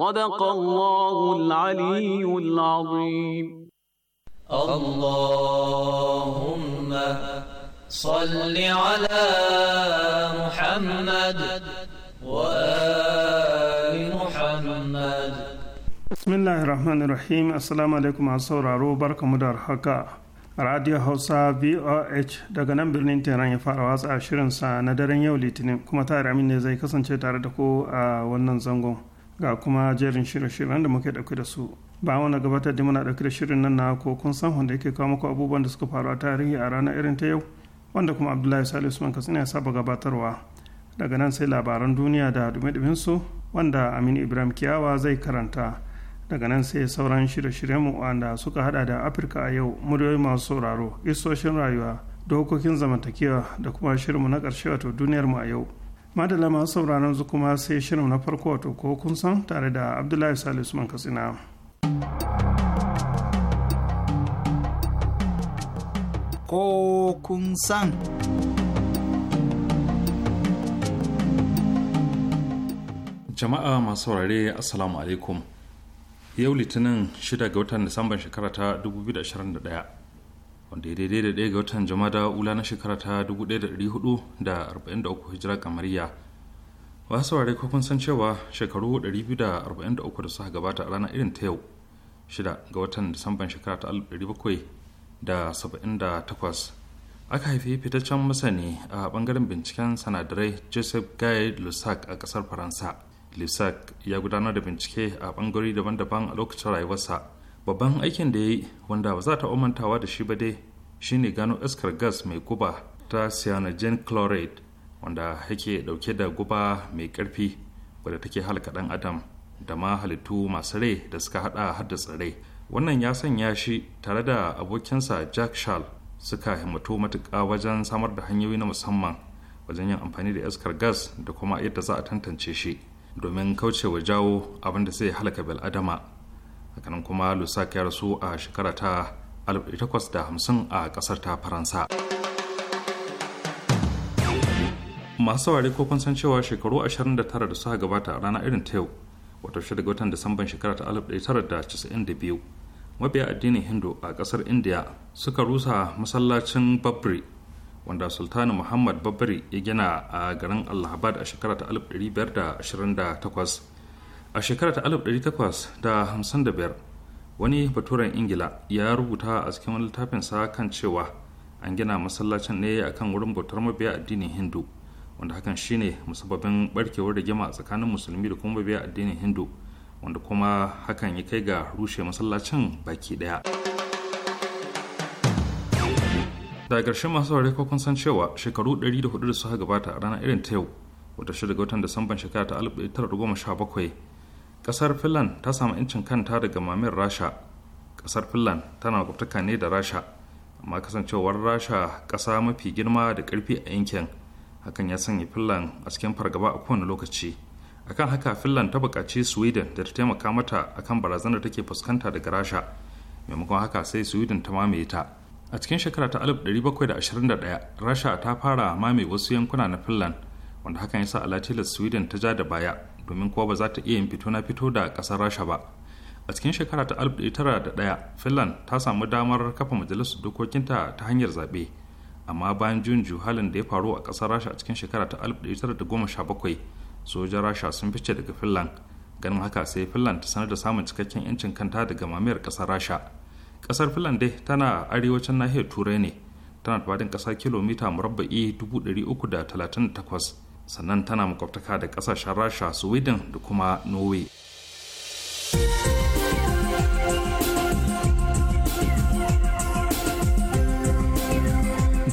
صدق الله العلي العظيم اللهم صل على محمد وآل محمد بسم الله الرحمن الرحيم السلام عليكم sauraro barkamu da haka Radio Hausa VOH daga nan birnin Tehran ya fara watsa shirinsa na daren yau Litinin kuma tare ne zai kasance tare da ku a wannan zangon. ga kuma jerin shirye-shiryen da muke dauke da su ba wani gabatar da muna dauke da shirin nan na ko kun san wanda yake kawo muku abubuwan da suka faru a tarihi a ranar irin ta yau wanda kuma abdullahi salisu usman kasu ya saba gabatarwa daga nan sai labaran duniya da dumi su wanda aminu ibrahim kiyawa zai karanta daga nan sai sauran shirye shiryen mu wanda suka hada da afirka a yau muryoyi masu sauraro isoshin rayuwa dokokin zamantakewa da kuma shirinmu na ƙarshe wato duniyar mu a yau madala masu sauraron zu kuma sai shirin na farko wato ko kun san tare da abdullahi salisu man katsina ko kun san jama'a masu saurare assalamu alaikum yau litinin 6 ga watan disamban shekara ta 2021 wanda ya daidai da ɗaya ga watan jama'a ula na shekara ta 1443 hijira kamariya ba su ko kun san cewa shekaru 243 da suka gabata a ranar irin ta yau shida ga watan disamban shekara ta 1778 aka haifi fitaccen masani a bangaren binciken sanadarai joseph guy lusac a kasar faransa lusac ya gudanar da bincike a bangarori daban-daban a lokacin rayuwarsa babban aikin da ya yi wanda ba za ta umantawa da shi ba dai shine gano iskar gas mai guba ta cyanogen chloride wanda yake dauke da guba mai karfi wadda take halka dan adam da ma halittu masu rai da suka hada har da tsirrai wannan ya sanya shi tare da abokinsa jack shal suka himmatu matuka wajen samar da hanyoyi na musamman wajen yin amfani da iskar gas da kuma yadda za a tantance shi domin kaucewa jawo abin da zai halaka bil'adama hakanan kuma lusak ya rasu a shekara ta 1850 a kasar ta faransa masu saurari ko kun san cewa shekaru 29 da suka gabata a rana irin ta yau wato shida watan disamban shekara ta 1992 mabiya addinin hindu a kasar india suka rusa masallacin babri wanda sultani muhammad babri ya gina a garin allahabad a shekara ta 1528 a shekarar ta 1855 wani baturen ingila ya rubuta a cikin wani littafinsa kan cewa an gina masallacin ne a kan wurin bautar mabiya addinin hindu wanda hakan shine musababin barkewar da gima tsakanin musulmi da kuma mabiya addinin hindu wanda kuma hakan ya kai ga rushe masallacin baki daya daga ƙarshen masu saurare kokon san cewa shekaru 104 da suka gabata a ranar irin ta yau wata shi daga watan samban shekara ta 1917 kasar finland ta samu 'yancin kanta daga mamin rasha kasar finland tana kwaftaka ne da rasha amma kasancewar rasha kasa mafi girma da karfi a yankin hakan ya sanya finland a cikin fargaba a kowane lokaci akan haka finland ta buƙaci sweden da ta taimaka mata akan barazanar da take fuskanta daga rasha maimakon haka sai sweden ta mamaye ta a cikin shekara ta 1721 rasha ta fara mamaye wasu yankuna na finland wanda hakan ya sa alatilas sweden ta ja da baya domin kuwa ba za ta iya yin fito na fito da ƙasar rasha ba a cikin shekara ta 1901 finland ta samu damar kafa majalisar dokokinta ta hanyar zaɓe amma bayan jun juhalin da ya faru a ƙasar rasha a cikin shekara ta 1917 sojan rasha sun fice daga finland ganin haka sai finland ta sanar da samun cikakken 'yancin kanta daga mamayar ƙasar rasha ƙasar finland dai tana arewacin nahiyar turai ne tana da faɗin ƙasa kilomita murabba'i 338 sannan tana makwabtaka da kasashen rasha sweden da kuma norway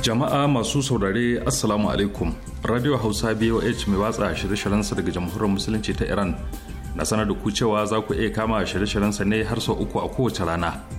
jama'a masu saurare assalamu alaikum radio hausa boh mai watsa shirye sa daga jamhuriyar musulunci ta iran na sanar da ku cewa za ku iya kama shirye sa ne har sau uku a kowace rana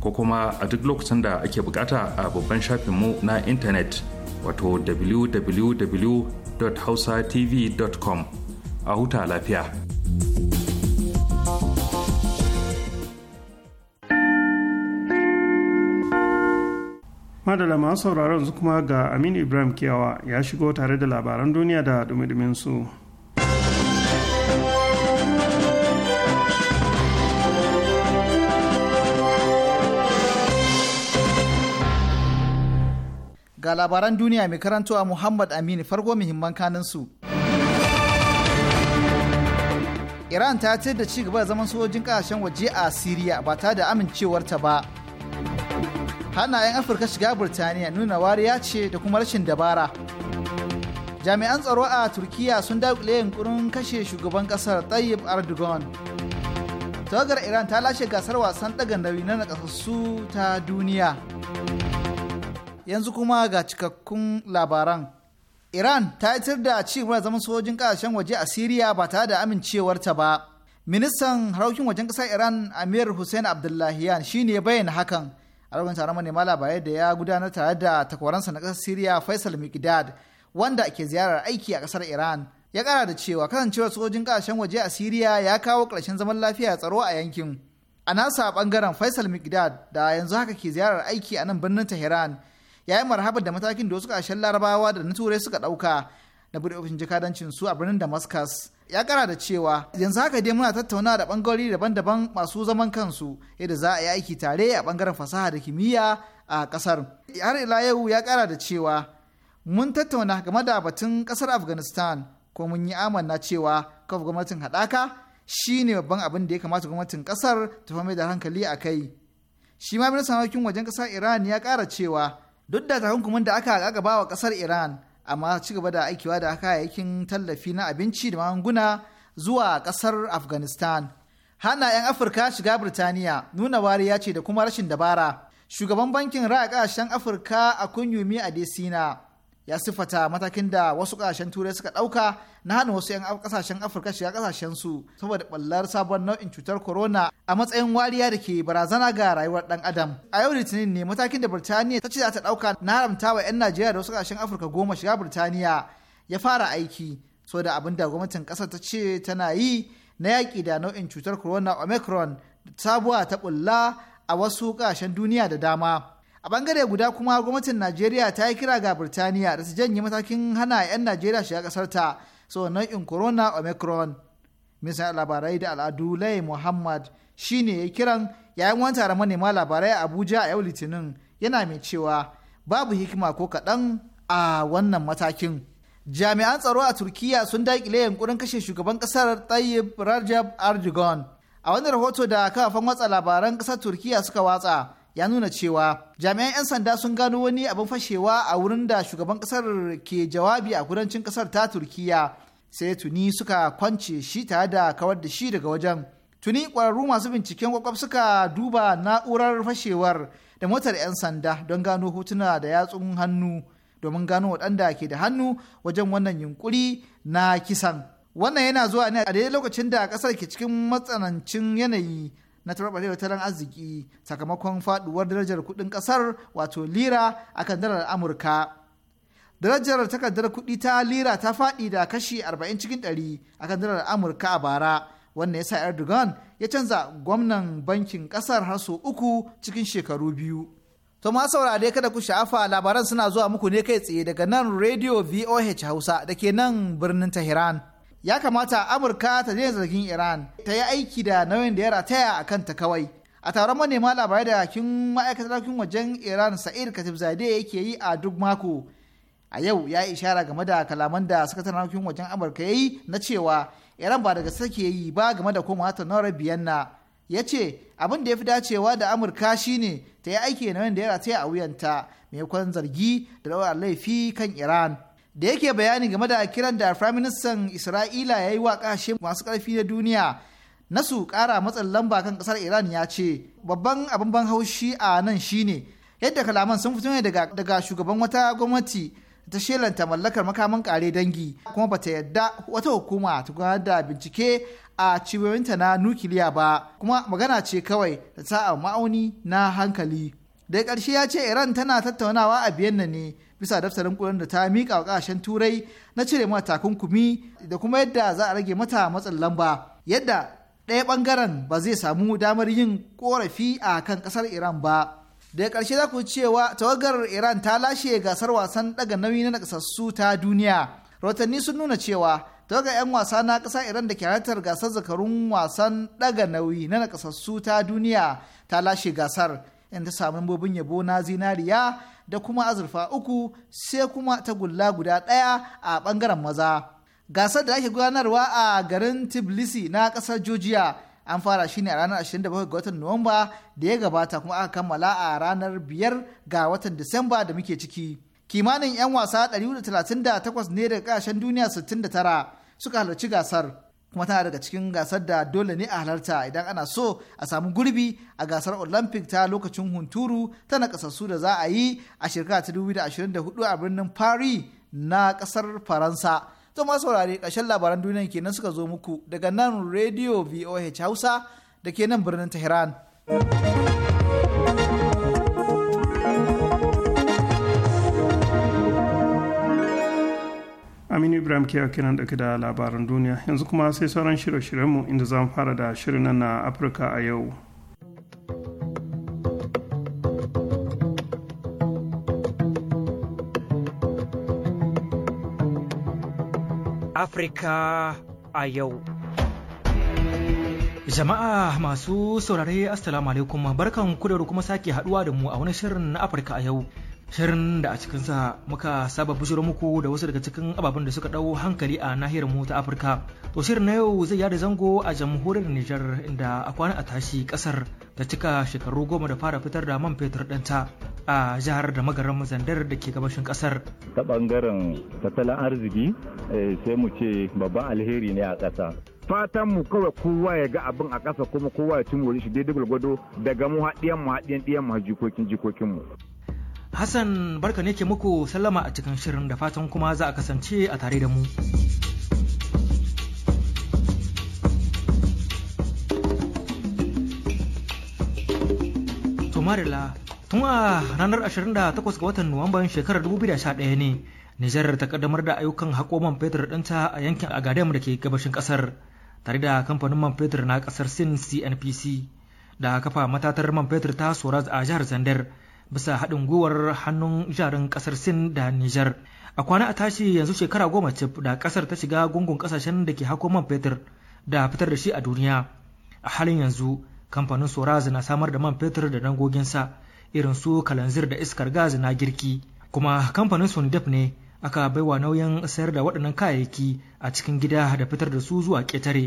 ko kuma a duk lokacin da ake bukata a babban shafinmu na intanet wato www.hausatv.com a huta lafiya. Madala masu sauraron su kuma ga Aminu Ibrahim Kiyawa ya shigo tare da labaran duniya da dumi su. Ga labaran duniya mai karanto a Muhammad Aminu farko muhimman kanin su. Iran ta ce da ci gaba da zaman sojojin kasashen waje a Siriya ba ta da amincewarta ba. Hana 'yan Afirka shiga Burtaniya nuna wariya ce da kuma rashin dabara. Jami'an tsaro a Turkiya sun daƙile yunkurin kashe shugaban ƙasar Tayyip Erdogan. Tawagar Iran ta lashe gasar wasan ɗaga nauyi na nakasassu ta duniya. yanzu kuma ga cikakkun labaran. Iran ta yitar da ci gaba zaman sojin kasashen waje a Siriya ba tare da amincewarta ba. Ministan harkokin wajen ƙasar Iran Amir Hussein Abdullahiyan shi ne bayyana hakan a lokacin taron manema labarai da ya gudanar tare da takwaransa na kasar Siriya Faisal Mikdad wanda ke ziyarar aiki a kasar Iran. Ya kara da cewa kasancewar sojin kasashen waje a Siriya ya kawo karshen zaman lafiya tsaro a yankin. A nasa bangaren Faisal Miqdad da yanzu haka ke ziyarar aiki a nan birnin Tehran ya yi da matakin da wasu ƙarshen larabawa da na turai suka ɗauka na buɗe ofishin jakadancin su a birnin damascus ya kara da cewa yanzu haka dai muna tattauna da ɓangarori daban-daban masu zaman kansu yadda za a yi aiki tare a ɓangaren fasaha da kimiyya a ƙasar har ila yau ya kara da cewa mun tattauna game da batun ƙasar afghanistan ko mun yi amanna cewa kafa gwamnatin haɗaka Shi ne babban abin da ya kamata gwamnatin ƙasar ta fama da hankali a kai shi ma ministan harkokin wajen ƙasar iran ya kara cewa duk da takunkumin da aka ba wa kasar iran amma ci gaba da aikiwa da kayayyakin tallafi na abinci da magunguna zuwa ƙasar afghanistan hana 'yan afirka shiga birtaniya nuna wariya ce da kuma rashin dabara shugaban bankin raya kasashen afirka a kunyumi a desina ya siffata matakin da wasu kasashen turai suka ɗauka na hana wasu 'yan kasashen afirka shiga kasashen su saboda ballar sabon nau'in cutar corona a matsayin wariya da ke barazana ga rayuwar ɗan adam a yau litinin ne matakin da birtaniya ta ce za ta ɗauka na haramta wa 'yan najeriya da wasu kasashen afirka goma shiga birtaniya ya fara aiki da abin da gwamnatin kasar ta ce tana yi na yaki da nau'in cutar corona omicron sabuwa ta bulla a wasu kasashen duniya da dama a bangare guda kuma gwamnatin najeriya ta yi kira ga birtaniya da su janye matakin hana 'yan najeriya shiga kasar ta so nau'in corona omicron misa labarai da al'adu lai muhammad shine ya kiran yayin wani taron manema labarai a abuja a yau litinin yana mai cewa babu hikima ko kaɗan a wannan matakin jami'an tsaro a turkiya sun daƙile yankurin kashe shugaban ƙasar tayyip rajab erdogan a wani rahoto da kafafen watsa labaran ƙasar turkiya suka watsa ya nuna cewa jami'an 'yan sanda sun gano wani abin fashewa a wurin da shugaban kasar ke jawabi a kudancin kasar ta turkiya sai tuni suka kwance shi tare da kawar da shi daga wajen tuni kwararru masu binciken kwakwaf suka duba na'urar fashewar da motar 'yan sanda don gano hotuna da yatsun hannu domin gano waɗanda ke da hannu wajen wannan yunkuri na kisan wannan yana zuwa ne a daidai lokacin da ƙasar ke cikin matsanancin yanayi na tarbarewar tattalin arziki sakamakon faduwar darajar kuɗin ƙasar wato lira akan dalar amurka darajar takardar kuɗi ta lira ta faɗi da kashi 40 cikin 100 akan dalar amurka a bara wannan sa erdogan ya canza gwamnan bankin ƙasar har sau uku cikin shekaru biyu to ma saurare kada ku sha'afa labaran suna zuwa muku ne kai tsaye daga nan radio voh hausa da ke nan birnin tehran ya kamata amurka ta daina zargin iran ta yi aiki da nauyin da ya rataya a kanta kawai a taron manema labarai da kin ma'aikatar harkokin wajen iran sa'id katib zade yake yi a duk mako a yau ya yi ishara game da kalaman da sakataren harkokin wajen amurka ya yi na cewa iran ba daga sake yi ba game da komawa ta nora biyanna ya ce abin da ya fi dacewa da amurka shine ta yi aiki da nauyin da ya rataya a wuyanta maimakon zargi da rawar laifi kan iran da yake bayani game da kiran da firaministan isra'ila ya yi wa kashe masu karfi na duniya na su kara matsin lamba kan kasar iran ya ce babban abin ban haushi a nan shine yadda kalaman sun fito ne daga shugaban wata gwamnati ta shelanta mallakar makaman kare dangi kuma bata yadda wata hukuma ta gudanar da bincike a cibiyoyinta na nukiliya ba kuma magana ce kawai da ta ma'auni na hankali daga ƙarshe ya ce iran tana tattaunawa a biyan ne bisa daftarin kudin da ta miƙa wa ƙasashen turai na cire mata takunkumi da kuma yadda za a rage mata matsin lamba yadda ɗaya ɓangaren ba zai samu damar yin ƙorafi a kan ƙasar iran ba daga ƙarshe za ku cewa tawagar iran ta lashe gasar wasan ɗaga nauyi na nakasassu ta duniya rahotanni sun nuna cewa tawagar 'yan wasa na ƙasar iran da ke halartar gasar zakarun wasan ɗaga nauyi na nakasassu ta duniya ta lashe gasar in ta samu mambobin yabo na zinariya da kuma azurfa uku sai kuma tagulla guda ɗaya a ɓangaren maza. Gasar da ake gudanarwa a garin Tbilisi na ƙasar Georgia an fara shi ne a ranar 27 ga watan Nuwamba da ya gabata kuma aka kammala a ranar 5 ga watan Disamba da muke ciki. Kimanin 'yan wasa 138 ne daga ƙasashen duniya 69 suka halarci gasar. kuma tana daga cikin gasar da dole ne a halarta idan ana so a samu gurbi a gasar olympic ta lokacin hunturu ta nakasassu da za a yi a shekara ta 2024 a birnin paris na kasar faransa to ma saurare ƙarshen labaran duniya kenan suka zo muku daga nan radio voh hausa da ke nan birnin tehran aminu ibrahim ke yake nan da labaran duniya yanzu kuma sai sauran shirye-shiryenmu inda za mu fara da shirin na afirka a yau Afirka a yau. Jama'a masu saurare Assalamu alaikum barkan ku da kuma sake haduwa da mu a wani shirin na Afirka a yau. shirin da a cikinsa muka saba bishiyar muku da wasu daga cikin ababen da suka ɗau hankali a nahiyar mu ta afirka to shirin na yau zai yada zango a jamhuriyar nijar inda a kwana a tashi kasar ta cika shekaru goma da fara fitar da man fetur ɗanta a jihar da magaran zandar da ke gabashin kasar. ta bangaren tattalin arziki eh, sai mu ce babban alheri ne a ƙasa fatan mu kawai kowa ya ga abin a ƙasa kuma kowa ya ci shi daidai gwargwado daga mu haɗiyan mu haɗiyan ɗiyan mu jikokin jikokin mu Hassan barka ne ke muku sallama a cikin shirin da fatan kuma za a kasance a tare da mu. Tumarila, tun a ranar 28 ga watan Nuwamban shekarar 2011 ne Nijar ta kaddamar da ayyukan haƙo man fetur ɗinta a yankin Agadem da ke gabashin ƙasar tare da kamfanin man fetur na ƙasar Sin CNPC da kafa matatar man fetur ta Soraz a jihar Zandar. bisa haɗin gwiwar hannun jarin ƙasar sin da nijar a kwana a tashi yanzu shekara goma ce da ƙasar ta shiga gungun ƙasashen da ke hako man fetur da fitar da shi a duniya a halin yanzu kamfanin soraz na samar da man fetur da dangoginsa irin su kalanzir da iskar gaz na girki kuma kamfanin sundef ne aka baiwa nauyin sayar da waɗannan kayayyaki a cikin gida da fitar da su zuwa ƙetare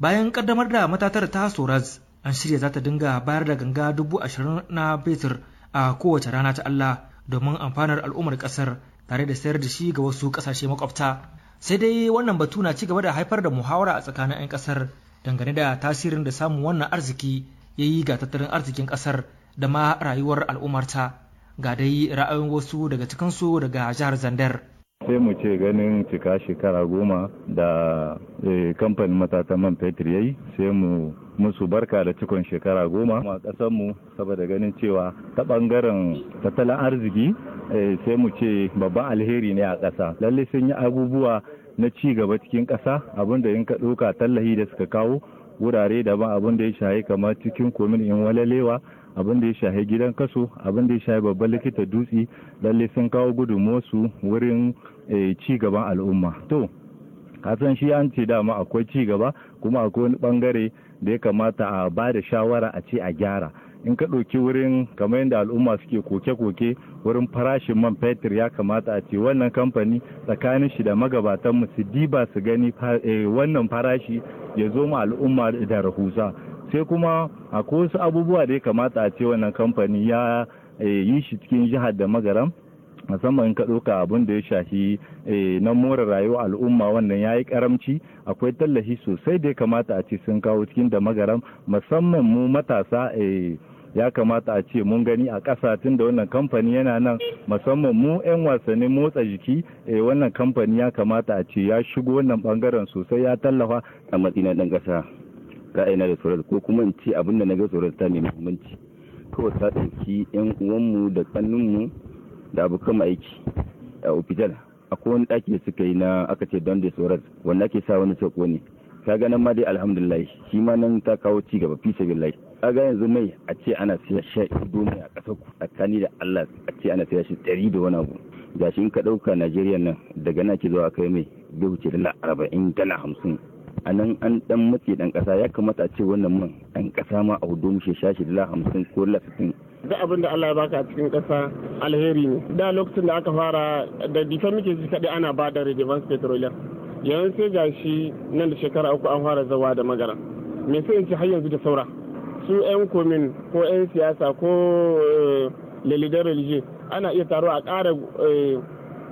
bayan ƙaddamar da matatar ta soraz an shirya za ta dinga bayar da ganga dubu ashirin na fetur a kowace rana ta Allah domin amfanar al'ummar ƙasar tare da sayar da shi ga wasu ƙasashe makwabta sai dai wannan batu na ci gaba da haifar da muhawara a tsakanin 'yan ƙasar dangane da tasirin da samun wannan arziki ya yi ga tattalin arzikin ƙasar da ma rayuwar al'ummarta ga dai ra'ayin wasu daga cikinsu daga jihar zandar sai mu ce ganin cika shekara goma da eh, kamfanin matatan man fetur yayi sai mu musu barka da cikon shekara goma a ƙasarmu saboda ganin cewa ta ɓangaren tattalin arziki eh, sai mu ce babban alheri ne a ƙasa lalle sun yi abubuwa na ci gaba cikin ƙasa abinda in ka ɗauka tallahi da suka kawo wurare daban abin da ya shahi kamar cikin komin in walalewa abin da ya shahi gidan kaso abin da ya shahi babban likita dutse lalle sun kawo gudunmuwarsu wurin Eh, ci gaban al'umma to kasan shi an ce dama akwai ci gaba kuma akwai wani bangare da ya kamata a ba da shawara a ce a gyara in ka ɗauki wurin kamar yadda al'umma suke koke-koke wurin farashin man fetur ya kamata a ce wannan kamfani tsakanin shi da magabatanmu su diba su gani eh, wannan farashi ya zo ma al'umma da rahusa sai kuma akwai wasu abubuwa da ya kamata a ce wannan kamfani ya eh, yi shi cikin jihar da magaram musamman in ka ɗauka abin da ya shafi eh, na more rayuwa al'umma wannan ya yi karamci akwai tallafi sosai da ya kamata a ce sun kawo cikin da magaram musamman mu matasa eh, ya kamata a ce mun gani a ƙasa tun da wannan kamfani yana nan musamman mu 'yan wasannin motsa jiki eh, wannan kamfani ya kamata a ce ya shigo wannan bangaren sosai ya tallafa a matsayin ɗan ƙasa ra'ayina da tsoron ko kuma in ce abin da na ga tsoron ta ne muhimmanci kawai ta ɗauki 'yan uwanmu da tsanninmu da abokan aiki a ofital akwai wani ɗaki da suka yi na aka ce don da tsoron wanda ake sa wani sauko ne ka ga nan ma dai alhamdulillah shi ma nan ta kawo ci gaba fi sabilillah ka ga yanzu mai a ce ana siya sha domin a ƙasar ku tsakani da Allah a ce ana siya shi ɗari da wani abu gashi in ka ɗauka Najeriya nan daga na ke zuwa kai mai bai wuce dala arba'in dala hamsin a nan an dan matse dan kasa ya kamata a ce wannan man dan kasa ma a hudu mushe shashi dala hamsin ko dala da abin da Allah ya baka a cikin kasa alheri ne da lokacin da aka fara da difan muke ji kadai ana ba da redevance petroleum yanzu sai gashi nan da shekara uku an fara zawa da magara me sai in ci har yanzu da saura su 'yan komin ko 'yan siyasa ko eh, lalidan religion ana iya taro a ƙara eh,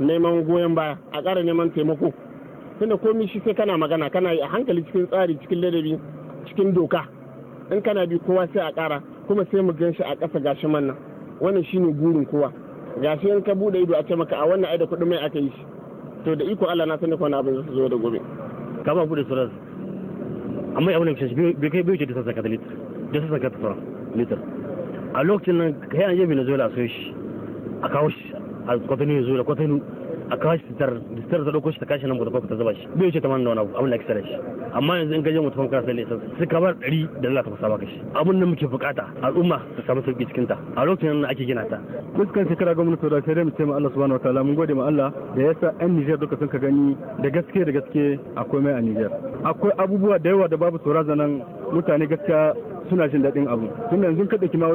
neman goyon baya a ƙara neman taimako tunda komi shi sai kana magana kana yi a hankali cikin tsari cikin ladabi cikin doka in kana bi kowa sai a kara kuma sai mu gan shi a ƙasa gashi manna wannan shine gurin kowa gashi in ka bude ido a ce maka a wannan aida da kuɗin mai aka yi shi to da iko Allah na san da wani abin zai zo da gobe ka ba bude surar amma wani da bai kai bai ce da saka ka litir da sassa ka tsara a lokacin nan kai an yi Venezuela a soyo shi a kawo shi a kwatanu ya zo da kwatanu a kawo shi sitar sitar ta dauko shi ta kashi nan guda ta zuba shi bai wuce tamanin da wani abu abin da ake shi amma yanzu in ka je mutum kana sai lesan Sai kamar ɗari da za ta saba baka shi abin da muke bukata al'umma ta samu sauki cikin ta a lokacin nan ake gina ta fuskan shekara gwamnati da sai dai mu ce ma Allah subhanahu wataala mun gode ma Allah da yasa ɗan Niger duka sun ka gani da gaske da gaske akwai mai a Niger akwai abubuwa da yawa da babu tsora zanen mutane gaskiya suna jin daɗin abu tun yanzu ka ɗauki ma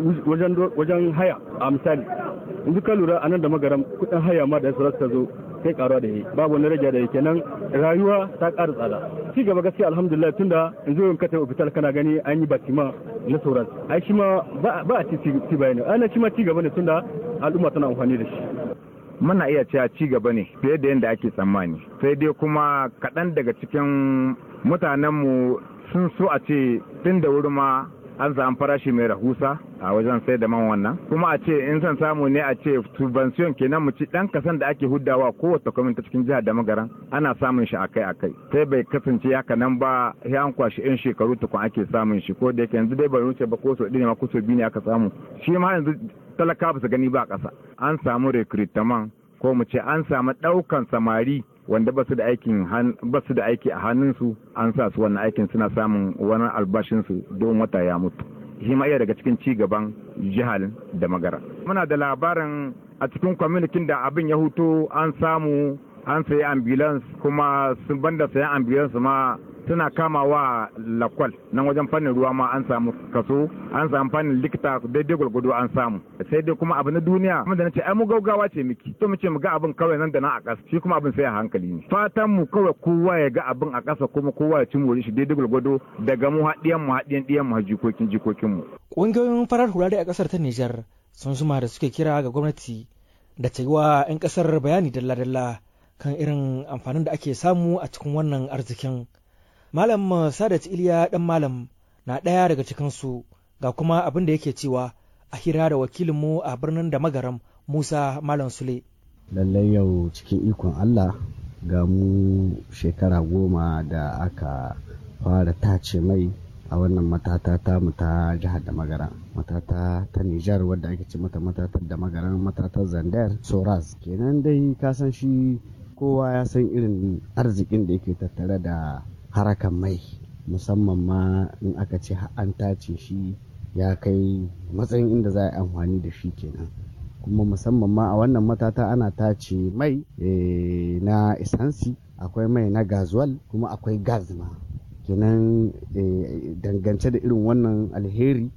wajen haya a misali yanzu ka lura nan da magaram kudin haya ma da sarar ta zo sai karuwa da yi babu wani rage da yake nan rayuwa ta ƙara tsada ci gaba gaskiya alhamdulillah tunda yanzu yau ka hospital kana gani an yi batima na sauran ai shi ma ba a ci ci bayani ana shi ma ci gaba ne tunda al'umma tana amfani da shi muna iya cewa ci gaba ne fiye da yadda ake tsammani sai dai kuma kaɗan daga cikin mutanenmu sun so a ce tun da wuri ma an samu farashi mai rahusa a wajen sai da man wannan kuma a ce in san samu ne a ce subvention kenan mu ci dan kasan da ake huddawa kowace kwaminta cikin jihar da magaran ana samun shi akai akai sai bai kasance haka nan ba sai an kwashi yan shekaru tukun ake samun shi ko da yake yanzu dai bai wuce ba ko so ɗin ma ko so biyu ne aka samu shi ma yanzu talaka ba su gani ba ƙasa an samu recruitment ko mu ce an samu ɗaukan samari wanda ba su da aiki a hannunsu an sa su wannan aikin suna samun wani albashinsu don wata ya mutu shi ma iya daga cikin ci gaban jihar da magara muna da labarin a cikin kwamitin da abin ya hutu an samu an sayi ambulance kuma sun banda sayan ambulance ma suna kama wa lakwal nan wajen fannin ruwa ma an samu kaso an samu fannin likita daidai gwargwado an samu sai dai kuma abu na duniya kuma da nace ai mu gaugawa ce miki to mu ce mu ga abin kawai nan da na a ƙasa shi kuma abin sai a hankali ne fatan mu kawai kowa ya ga abin a ƙasa kuma kowa ya ci mu shi daidai gwargwado daga mu haɗiyan mu haɗiyan ɗiyan mu jikokin jikokin mu ƙungiyoyin farar hulare a ƙasar ta Nijar sun zuma da suke kira ga gwamnati da ta yi wa 'yan ƙasar bayani dalla-dalla kan irin amfanin da ake samu a cikin wannan arzikin Malam eh, Sadat Iliya ɗan Malam na ɗaya daga cikinsu ga kuma abin da yake cewa a hira da wakilinmu a birnin da magaram Musa Malam Sule. Lallai yau cikin ikon Allah ga mu shekara goma da aka fara tace mai a wannan matata ta mu ta jihar da magara matata ta Nijar wadda ake ce mata matatar da magaran matatar Zandar Soras kenan dai ka san shi kowa ya san irin arzikin da yake tattare da harakan mai musamman ma in aka ce an tace shi ya kai matsayin inda za a yi amfani da shi kenan kuma musamman ma a wannan matata ana tace mai eh, na isansi akwai mai na gazuwal kuma akwai gas ma kenan eh, dangance da irin wannan alheri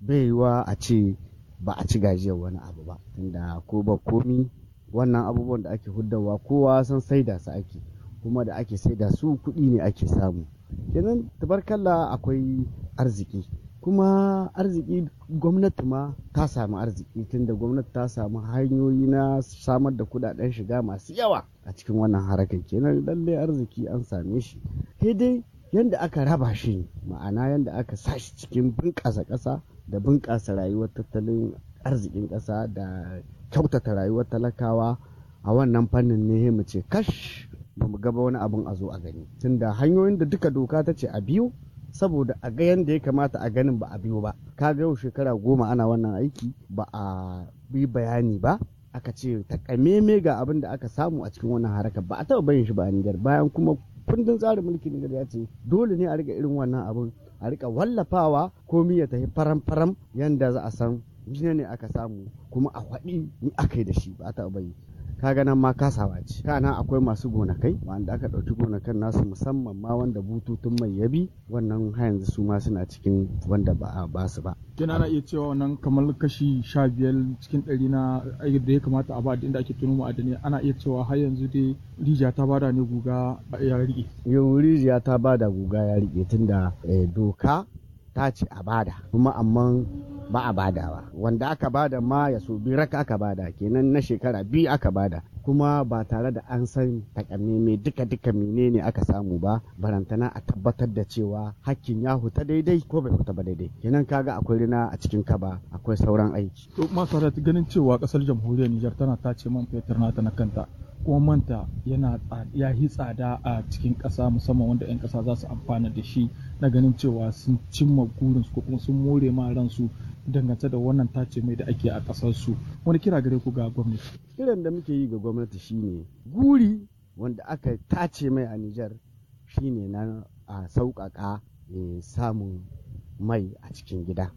bai wa a ce ba a ci gajiyar wani abu ba tunda ko ba komi wannan abubuwan da ake huddawa kowa san da su ake kuma da ake sai da su kuɗi ne ake samu kenan tabarkalla akwai arziki kuma arziki gwamnati ma ta samu arziki tunda gwamnati ta samu hanyoyi na samar da kudaden shiga masu yawa a cikin wannan harakan kenan lalle arziki an same shi sai dai yadda aka raba shi ma'ana yadda aka sa shi cikin bunƙasa ƙasa da bunƙasa rayuwar tattalin arzikin ƙasa da kyautata rayuwar talakawa a wannan fannin ne mu ce kash ba mu gaba wani abun a zo a gani tunda hanyoyin da duka doka ta ce a biyu saboda a ga yanda ya kamata a ganin ba a biyo ba ka ga yau shekara goma ana wannan aiki ba a bi bayani ba aka ce takameme ga abin da aka samu a cikin wannan haraka ba a taɓa bayin shi ba a Nijar bayan kuma kundin tsarin mulkin Nijar ya ce dole ne a rika irin wannan abin a rika wallafawa komi ya tafi faram-faram yanda za a san ne aka samu kuma a faɗi ni aka yi da shi ba a taɓa bayan. Ka nan ma kasawa ce kana akwai masu gonakai wanda aka ɗauki gonakan nasu musamman ma wanda bututun mai yabi wannan ha yanzu su ma suna cikin wanda ba a ba su ba kina na iya cewa wannan kamar kashi sha biyar cikin ɗari na da ya kamata a ba da inda ake mu ma'adani ana iya cewa har yanzu dai rijiya ta bada ne guga ya rike yau rijiya ta bada guga ya rike tunda eh, doka ta ce a bada kuma amma ba a badawa wanda aka bada ma ya so bi raka aka bada kenan na shekara biyu aka bada kuma ba tare da an san mai duka duka menene aka samu ba barantana a tabbatar da cewa hakkin ya huta daidai ko bai huta ba daidai kenan kaga akwai rina a cikin kaba akwai sauran aiki to masu ganin cewa kasar jamhuriyar Nijar tana tace man fetur nata na kanta kuma manta yana ya yi tsada a cikin ƙasa musamman wanda 'yan ƙasa za su amfana da shi na ganin cewa sun cimma gurinsu ko kuma sun more ma ransu dangance da wannan tace mai da ake a su wani kira gare ku ga gwamnati kiran da muke yi ga gwamnati shine guri wanda aka tace mai a Nijar shine na a sauƙaƙa eh, samun mai a cikin gida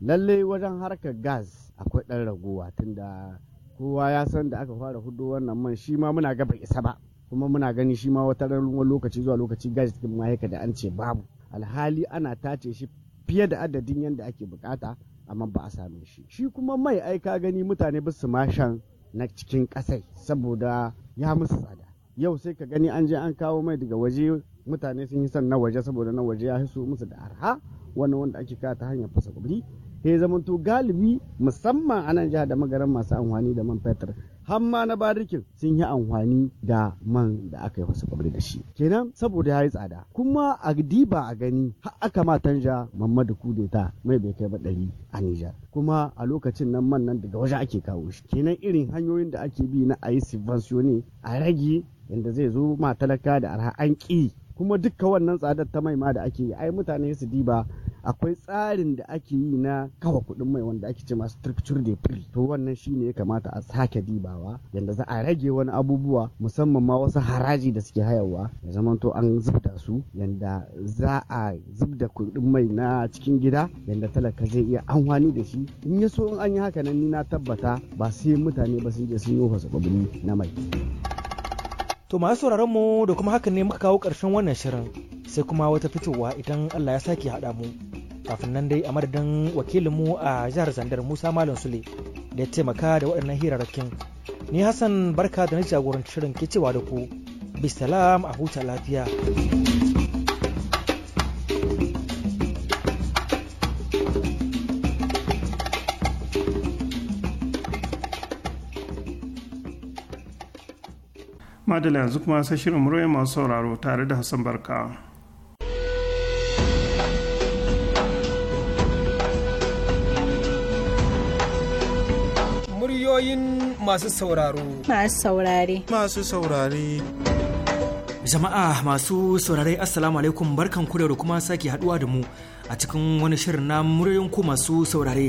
lallai wajen harkar gas akwai ɗan raguwa tunda kowa ya san da aka fara hudu wannan man shi ma muna ga isa ba kuma muna gani shi ma wata ranar lokaci zuwa lokaci gas cikin ma da an ce babu alhali ana tace shi fiye da adadin yadda ake bukata amma ba a same shi shi kuma mai aika gani mutane ba su mashan na cikin kasai saboda ya musu tsada yau sai ka gani an je an kawo mai daga waje mutane sun yi son na waje saboda na waje ya haiso musu da arha wani wanda ake kata ta hanyar fasa kubli ya zamanto galibi musamman a nan jihar da magaran masu amfani da man fetur har ma na barikin sun yi amfani da man da aka yi wasu kwabri da shi kenan saboda ya yi tsada kuma a diba a gani har aka ma tanja mamadu kudeta mai bai kai ba a nijar kuma a lokacin nan man nan daga waje ake kawo shi kenan irin hanyoyin da ake bi na a yi ne a rage yadda zai zo ma talaka da arha an ƙi kuma dukka wannan tsadar ta mai ma da ake yi ai mutane su diba akwai tsarin da ake yi na kawa kuɗin mai wanda ake ce masu structure de prix to wannan shi ne ya kamata a sake dibawa yanda za a rage wani abubuwa musamman ma wasu haraji da suke hayawa ya zamanto an zubda su yanda za a zubda kuɗin mai na cikin gida yanda talaka zai iya amfani da shi in ya so in an yi haka nan ni na tabbata ba sai mutane ba sun je sun yi na mai. To masu sauraron mu da kuma hakan ne muka kawo ƙarshen wannan shirin sai kuma wata fitowa idan Allah ya sake haɗa mu. Kafin nan dai a madadin wakilinmu a jihar Zandar Musa Malam Sule da ya taimaka da waɗannan hirarrakin. Ni Hassan barka da na jagoranci shirin ke cewa da ku. Bisalam a huta lafiya. madala yanzu kuma sai shirin murya masu sauraro tare da hassan barka muryoyin masu sauraro masu saurare masu saurare jama'a masu saurare assalamu alaikum barkan ku da kuma sake haduwa da mu a cikin wani shirin na muryoyin ku masu saurare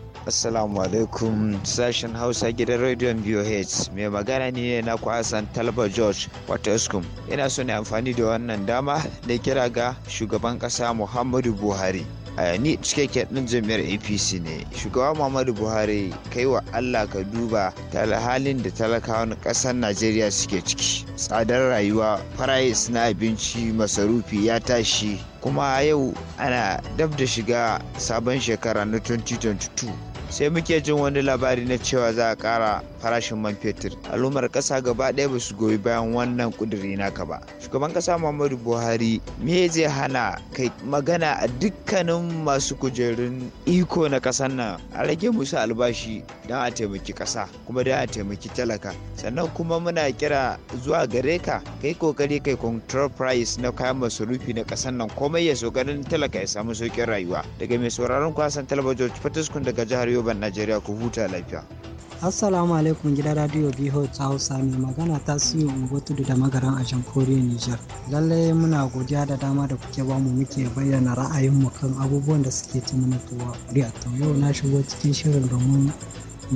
Assalamu alaikum sashen Hausa gidan rediyon BOH mai magana ne na Hassan Talba George Waterscom. Ina so ne amfani da wannan dama da kira ga shugaban kasa Muhammadu Buhari. A cike cikakken ɗin jami'ar APC ne. Shugaban Muhammadu Buhari kai wa Allah ka duba halin da talakawan ƙasar Najeriya suke ciki. Tsadar rayuwa, farayis na abinci, masarufi ya tashi kuma yau ana dab da shiga sabon shekara na 2022 sai muke jin wani labari na cewa za a kara farashin man fetur al'ummar kasa gaba ɗaya ba su goyi bayan wannan kuduri naka ba shugaban kasa muhammadu buhari me zai hana kai magana a dukkanin masu kujerun iko na kasan nan a rage musu albashi don a taimaki kasa kuma don a taimaki talaka sannan kuma muna kira zuwa gare ka kai kokari kai control price na kayan masarufi na kasan nan komai ya so ganin talaka ya samu sauƙin rayuwa daga mai sauraron kwasan talabijin fatiskun daga jihar yau Yoban Najeriya ku huta lafiya. Assalamu alaikum gidan radio BH Hausa ne magana ta siyo unguwa da magaran a jamhuriyar Nijar. Lallai muna godiya da dama da kuke bamu muke bayyana ra'ayin mu kan abubuwan da suke ci mana tuwa. to yau na shigo cikin shirin domin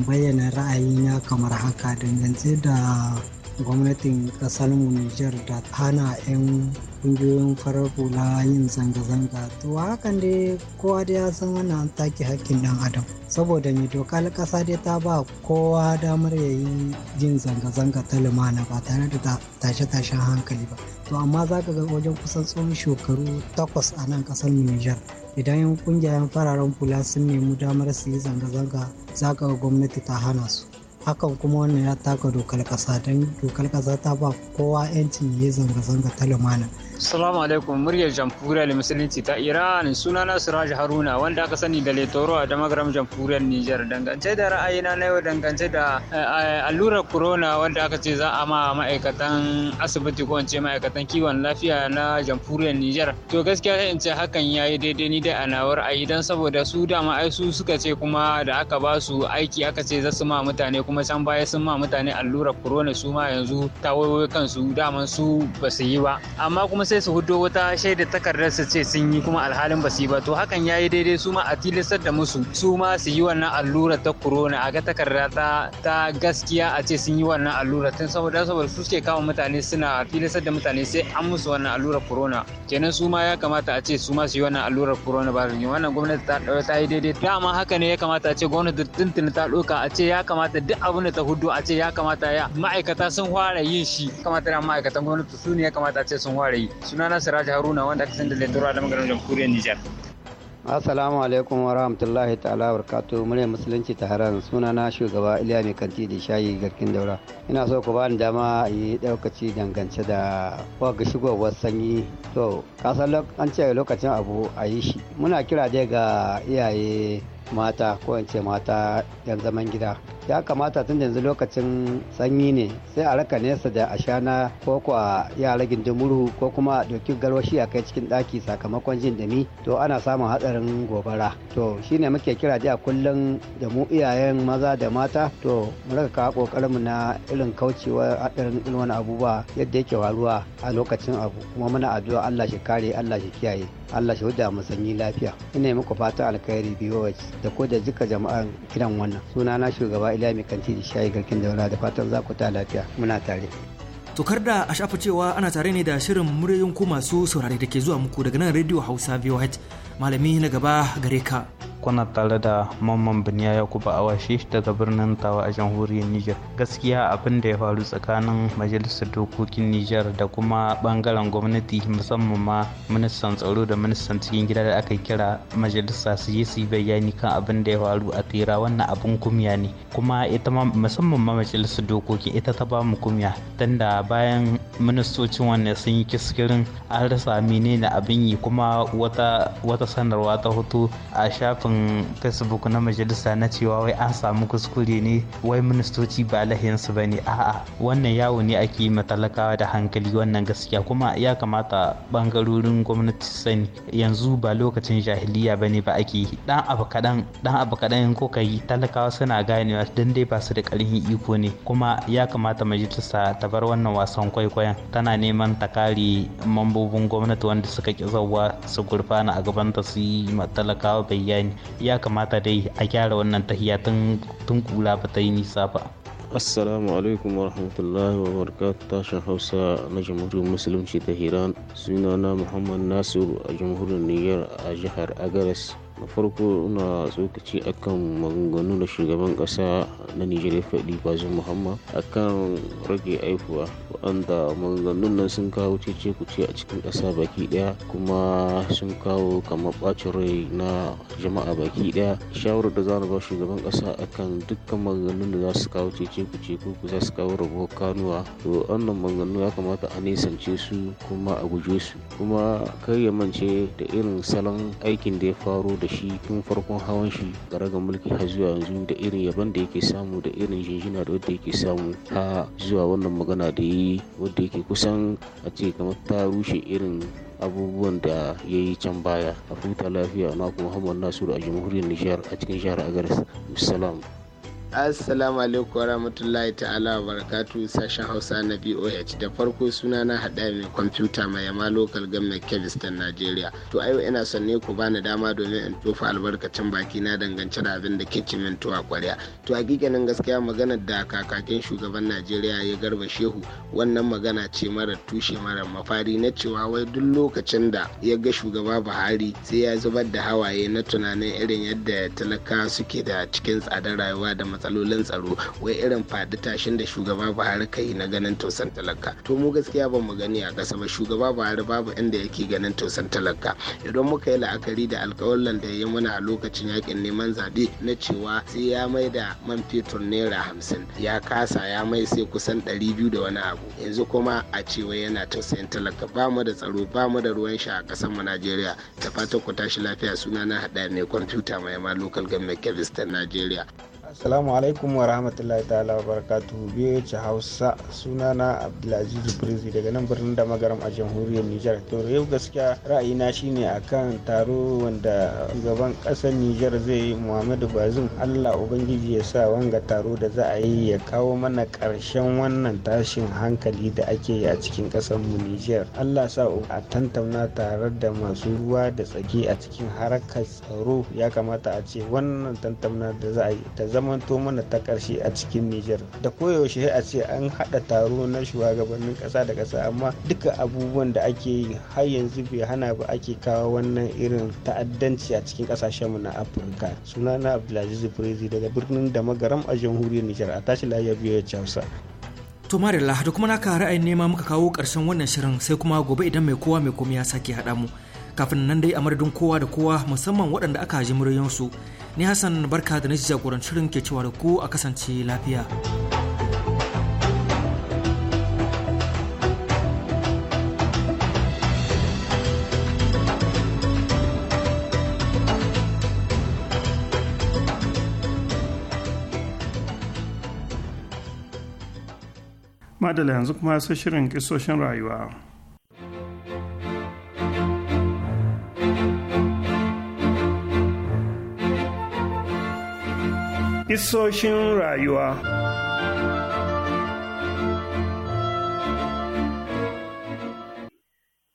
bayyana ra'ayina kamar haka dangance da gwamnatin ƙasar mu Nijar da hana 'yan ƙungiyoyin farar hula yin zanga-zanga to hakan dai kowa da ya san wannan an take hakkin ɗan adam saboda mai dokar ƙasa dai ta ba kowa damar ya yi jin zanga-zanga ta lumana ba tare da tashe-tashen hankali ba to amma za ka ga wajen kusan tsawon shekaru takwas a nan kasar Nijar idan yan kungiyoyin fararen hula sun nemi damar su yi zanga-zanga za ka ga gwamnati ta hana su hakan kuma wannan ya taka dokar ƙasa don dokar ƙasa ta ba kowa 'yancin ya zanga-zanga ta lumana Assalamu alaikum muryar jamhuriyar musulunci ta Iran na Siraj Haruna wanda aka sani da Letoro a damagaram jamhuriyar Nijar dangance da ra'ayina na yau dangance da eh, allurar corona wanda aka ce za a ma ma'aikatan asibiti ko ce ma'aikatan kiwon lafiya na jamhuriyar Nijar to gaskiya in ce hakan yayi daidai ni da anawar ra'ayi dan saboda su dama ai su suka ce kuma da aka ba su aiki aka ce za su ma mutane kuma can baya sun ma mutane allurar corona su ma yanzu ta wayoyi kansu daman su ba su yi ba amma kuma sai su hudo wata shaidar takardar su ce sun yi kuma alhalin ba su yi ba to hakan ya yi daidai su ma a tilastar da musu su ma su yi wannan allura ta corona a ga takarda ta ta gaskiya a ce sun yi wannan allura tun saboda saboda su ke kama mutane suna tilastar da mutane sai an musu wannan allura corona kenan su ma ya kamata a ce su ma su yi wannan allurar corona ba su wannan gwamnati ta ta yi daidai dama haka ne ya kamata a ce gwamnati tuntuni ta ɗauka a ce ya kamata duk abin da ta hudu a ce ya kamata ya ma'aikata sun fara yin shi kamata da ma'aikatan gwamnati su ne ya kamata a ce sun fara yi sunana siraj haruna wanda aka san da zaitoro a damar jamhuriyar nijar Assalamu alaikum wa rahmatullahi ta'ala wa barakatuh muryar musulunci ta haran sunana shugaba Iliya mai kanti da shayi garkin daura ina so ku bani dama yi daukaci dangance da waga shigowar sanyi to kasan an ce lokacin abu a yi shi muna kira dai ga iyaye mata ko in ce mata yan zaman gida ya kamata tun yanzu lokacin sanyi ne sai a raka nesa da ashana ko ko a yara gindin murhu ko kuma a ɗauki garwashi a kai cikin ɗaki sakamakon jin dami to ana samun hatsarin gobara to shine muke kira jiya kullum da mu iyayen maza da mata to mu raka kawo kokarin mu na irin kaucewa hatsarin irin wani abubuwa yadda yake waruwa a lokacin abu kuma muna addu'a Allah shi kare Allah shi kiyaye Allah shi da mu sanyi lafiya ina muku fata alkhairi biyo da ko da duka jama'ar kiran wannan suna na shugaba ila mai Kanti da shayi garkin daura da fatan za ku ta lafiya muna tare kar da a shafa cewa ana tare ne da shirin muryoyin ku masu saurare da ke zuwa muku daga nan radio hausa voh malami na gaba gare ka kuna tare da mamman biniya yakuba awashi daga birnin tawa a jamhuriyar Nijar. gaskiya abin da ya faru tsakanin majalisar dokokin Nijar, da kuma bangaren gwamnati musamman ma ministan tsaro da ministan cikin gida da aka kira majalisa su yi su bayani kan abin da ya faru a tera wannan abin kumya ne kuma ita ma musamman ma majalisar dokokin ita ta ba mu kumya dan bayan ministocin wannan sun yi kiskirin an rasa menene abin yi kuma wata wata wata sanarwa ta hoto a shafin facebook na majalisa na cewa wai an samu kuskure ne wai ministoci ba lahiyansu ba ne a'a wannan yawo ne ake yi matalakawa da hankali wannan gaskiya kuma ya kamata bangarorin gwamnati sani yanzu ba lokacin jahiliya ba ne ba ake yi dan abu kaɗan dan abu kaɗan ko ka talakawa suna ganewa don dai ba su da ƙarfin iko ne kuma ya kamata majalisa ta bar wannan wasan kwaikwayon tana neman ta kare mambobin gwamnati wanda suka ki zauwa su gurfana a gaban ta su yi talakawa bayani ya kamata dai a gyara wannan tahiya tun kula ba ta yi nisa ba assalamu alaikum wa warahmatullahi ta tashin hausa na jamhuriyar musulunci ta hiran sunana muhammad nasiru a jamhuriyar niger a jihar agares na farko na tsokaci akan maganganu da shugaban ƙasa na nijar faɗi bazin muhammad akan rage aifuwa waɗanda maganganun nan sun kawo cece kuce a cikin ƙasa baki ɗaya kuma sun kawo kamar ɓacin rai na jama'a baki ɗaya shawarar da za ba shugaban ƙasa akan dukkan maganganun da za su kawo cece kuce ko za su kawo rabuwar kanuwa to wannan maganganu ya kamata a nisance su kuma a guje su kuma kar ya mance da irin salon aikin da ya faro da da shi tun farkon hawan shi da ragar mulki har zuwa yanzu da irin yaban da yake samu da irin jinjina da wadda yake samu ha zuwa wannan magana da yi wadda yake kusan a ce kamar ta rushe irin abubuwan da ya yi can baya a futa lafiya na kuma muhammad nasiru a jamhuriyar nijar a cikin jihar agaris salam Assalamu alaikum warahmatullahi ta'ala wa barakatu sashen Hausa na BOH da farko suna na hada mai kwamfuta mai yama local government ta Najeriya. To ayo ina son ne ku bani dama domin in tofa albarkacin baki na dangance da abin da ke ciminto a kwarya. To hakikanin gaskiya maganar da kakakin shugaban Najeriya ya garba shehu wannan magana ce mara tushe mara mafari na cewa wai duk lokacin da ya ga shugaba Buhari sai ya zubar da hawaye na tunanin irin yadda talaka suke da cikin tsadar rayuwa da matsalolin tsaro wai irin fadi tashin da shugaba buhari kai na ganin tausan talaka to mu gaskiya ba mu gani a kasa ba shugaba buhari babu inda yake ganin tausan talaka idan muka yi la'akari da alkawalan da ya muna a lokacin yakin neman zaɓe na cewa sai ya mai da man fetur naira hamsin ya kasa ya mai sai kusan ɗari biyu da wani abu yanzu kuma a cewa yana tausayin talaka ba mu da tsaro ba mu da ruwan sha a ƙasar mu najeriya da fatan ku tashi lafiya suna na haɗa ne kwamfuta mai ma local government najeriya Assalamu alaikum wa rahmatullahi ta'ala wa barakatuh biyu ci Hausa sunana Abdulaziz Brizi daga nan birnin da magaram a jamhuriyar Nijar. To yau gaskiya ra'ayina shine akan taro wanda gaban ƙasar Nijar zai yi Muhammadu Bazum Allah Ubangiji ya sa wanga taro da za a yi ya kawo mana karshen wannan tashin hankali da ake yi a cikin ƙasar mu Nijar. Allah sa a tantauna tare da masu ruwa da tsaki a cikin harkar tsaro ya kamata a ce wannan tantauna da za a yi ta zama zamanto mana ta ƙarshe a cikin Nijar. Da koyaushe a ce an haɗa taro na shugabannin ƙasa da ƙasa amma duka abubuwan da ake yi har yanzu bai hana ba ake kawo wannan irin ta'addanci a cikin ƙasashenmu na Afirka. Sunana Abdulaziz Firezi daga birnin da magaram a jamhuriyar Nijar a tashi biyo biyar Hausa. To Marilla da kuma naka ra'ayin nema muka kawo ƙarshen wannan shirin sai kuma gobe idan mai kowa mai komai ya sake haɗa mu. kafin nan dai a madadin kowa da kowa musamman waɗanda aka ji muryoyinsu ni hassan barka da na jagorancin ke cewa da ku a kasance lafiya madala yanzu kuma sai shirin kisoshin rayuwa isoshin rayuwa.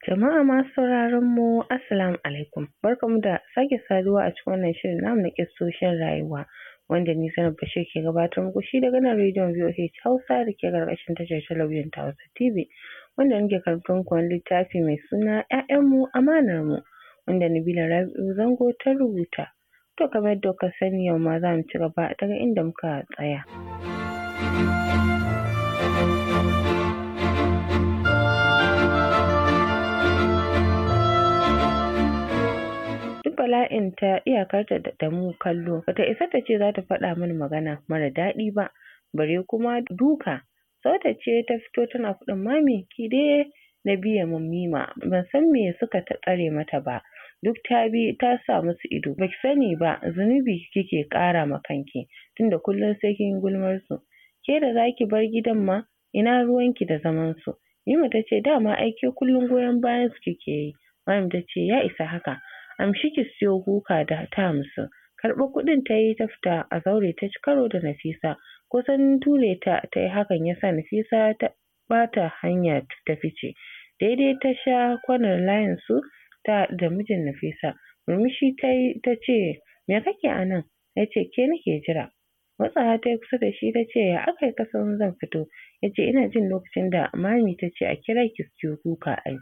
Jama'a masu sauraron mu Assalamu alaikum. Barkamu da sake saduwa a cikin wannan shirin namu na isoshin rayuwa wanda ni Zainab Bashir ke gabatar muku shi daga nan rediyon VOH Hausa da ke karkashin tashar talabijin ta Hausa TV wanda nake karɓar muku wani littafi mai suna ‘ya'yanmu amanarmu, mu wanda Nabila Rabi'u Zango ta rubuta. To kamar yadda kuka sani yau ma za mu ci gaba daga inda muka tsaya. bala'in ta iyakarta da mu kallo bata isa ta ce za ta faɗa mini magana mara daɗi ba bare kuma duka sauta ce ta fito tana faɗin mami ki dai na biya mima ban san me suka ta tsare mata ba duk ta bi ta sa musu ido baki sani ba zunubi kike ƙara ma kanki tunda kullum sai kin gulmar su ke da zaki bar gidan ma ina ruwanki da zaman su Yuma ta ce dama ai ke kullum goyon bayan su kike yi Maryam ta ce ya isa haka amshi ki siyo kuka da ta hamsin karɓar kuɗin ta yi ta fita a zaure ta ci karo da Nafisa kusan ture ta ta yi hakan yasa Nafisa ta ɓata hanya ta fice daidai ta sha kwanar layin su ta da mijin Nafisa. Murmushi ta yi ta ce, Me kake a nan? Ya ce, Ke nake jira. Matsawa ta kusa da shi ta ce, Ya aka yi kasan zan fito? Ya ce, Ina jin lokacin da mami ta ce, A kira ki siyo kuka ai.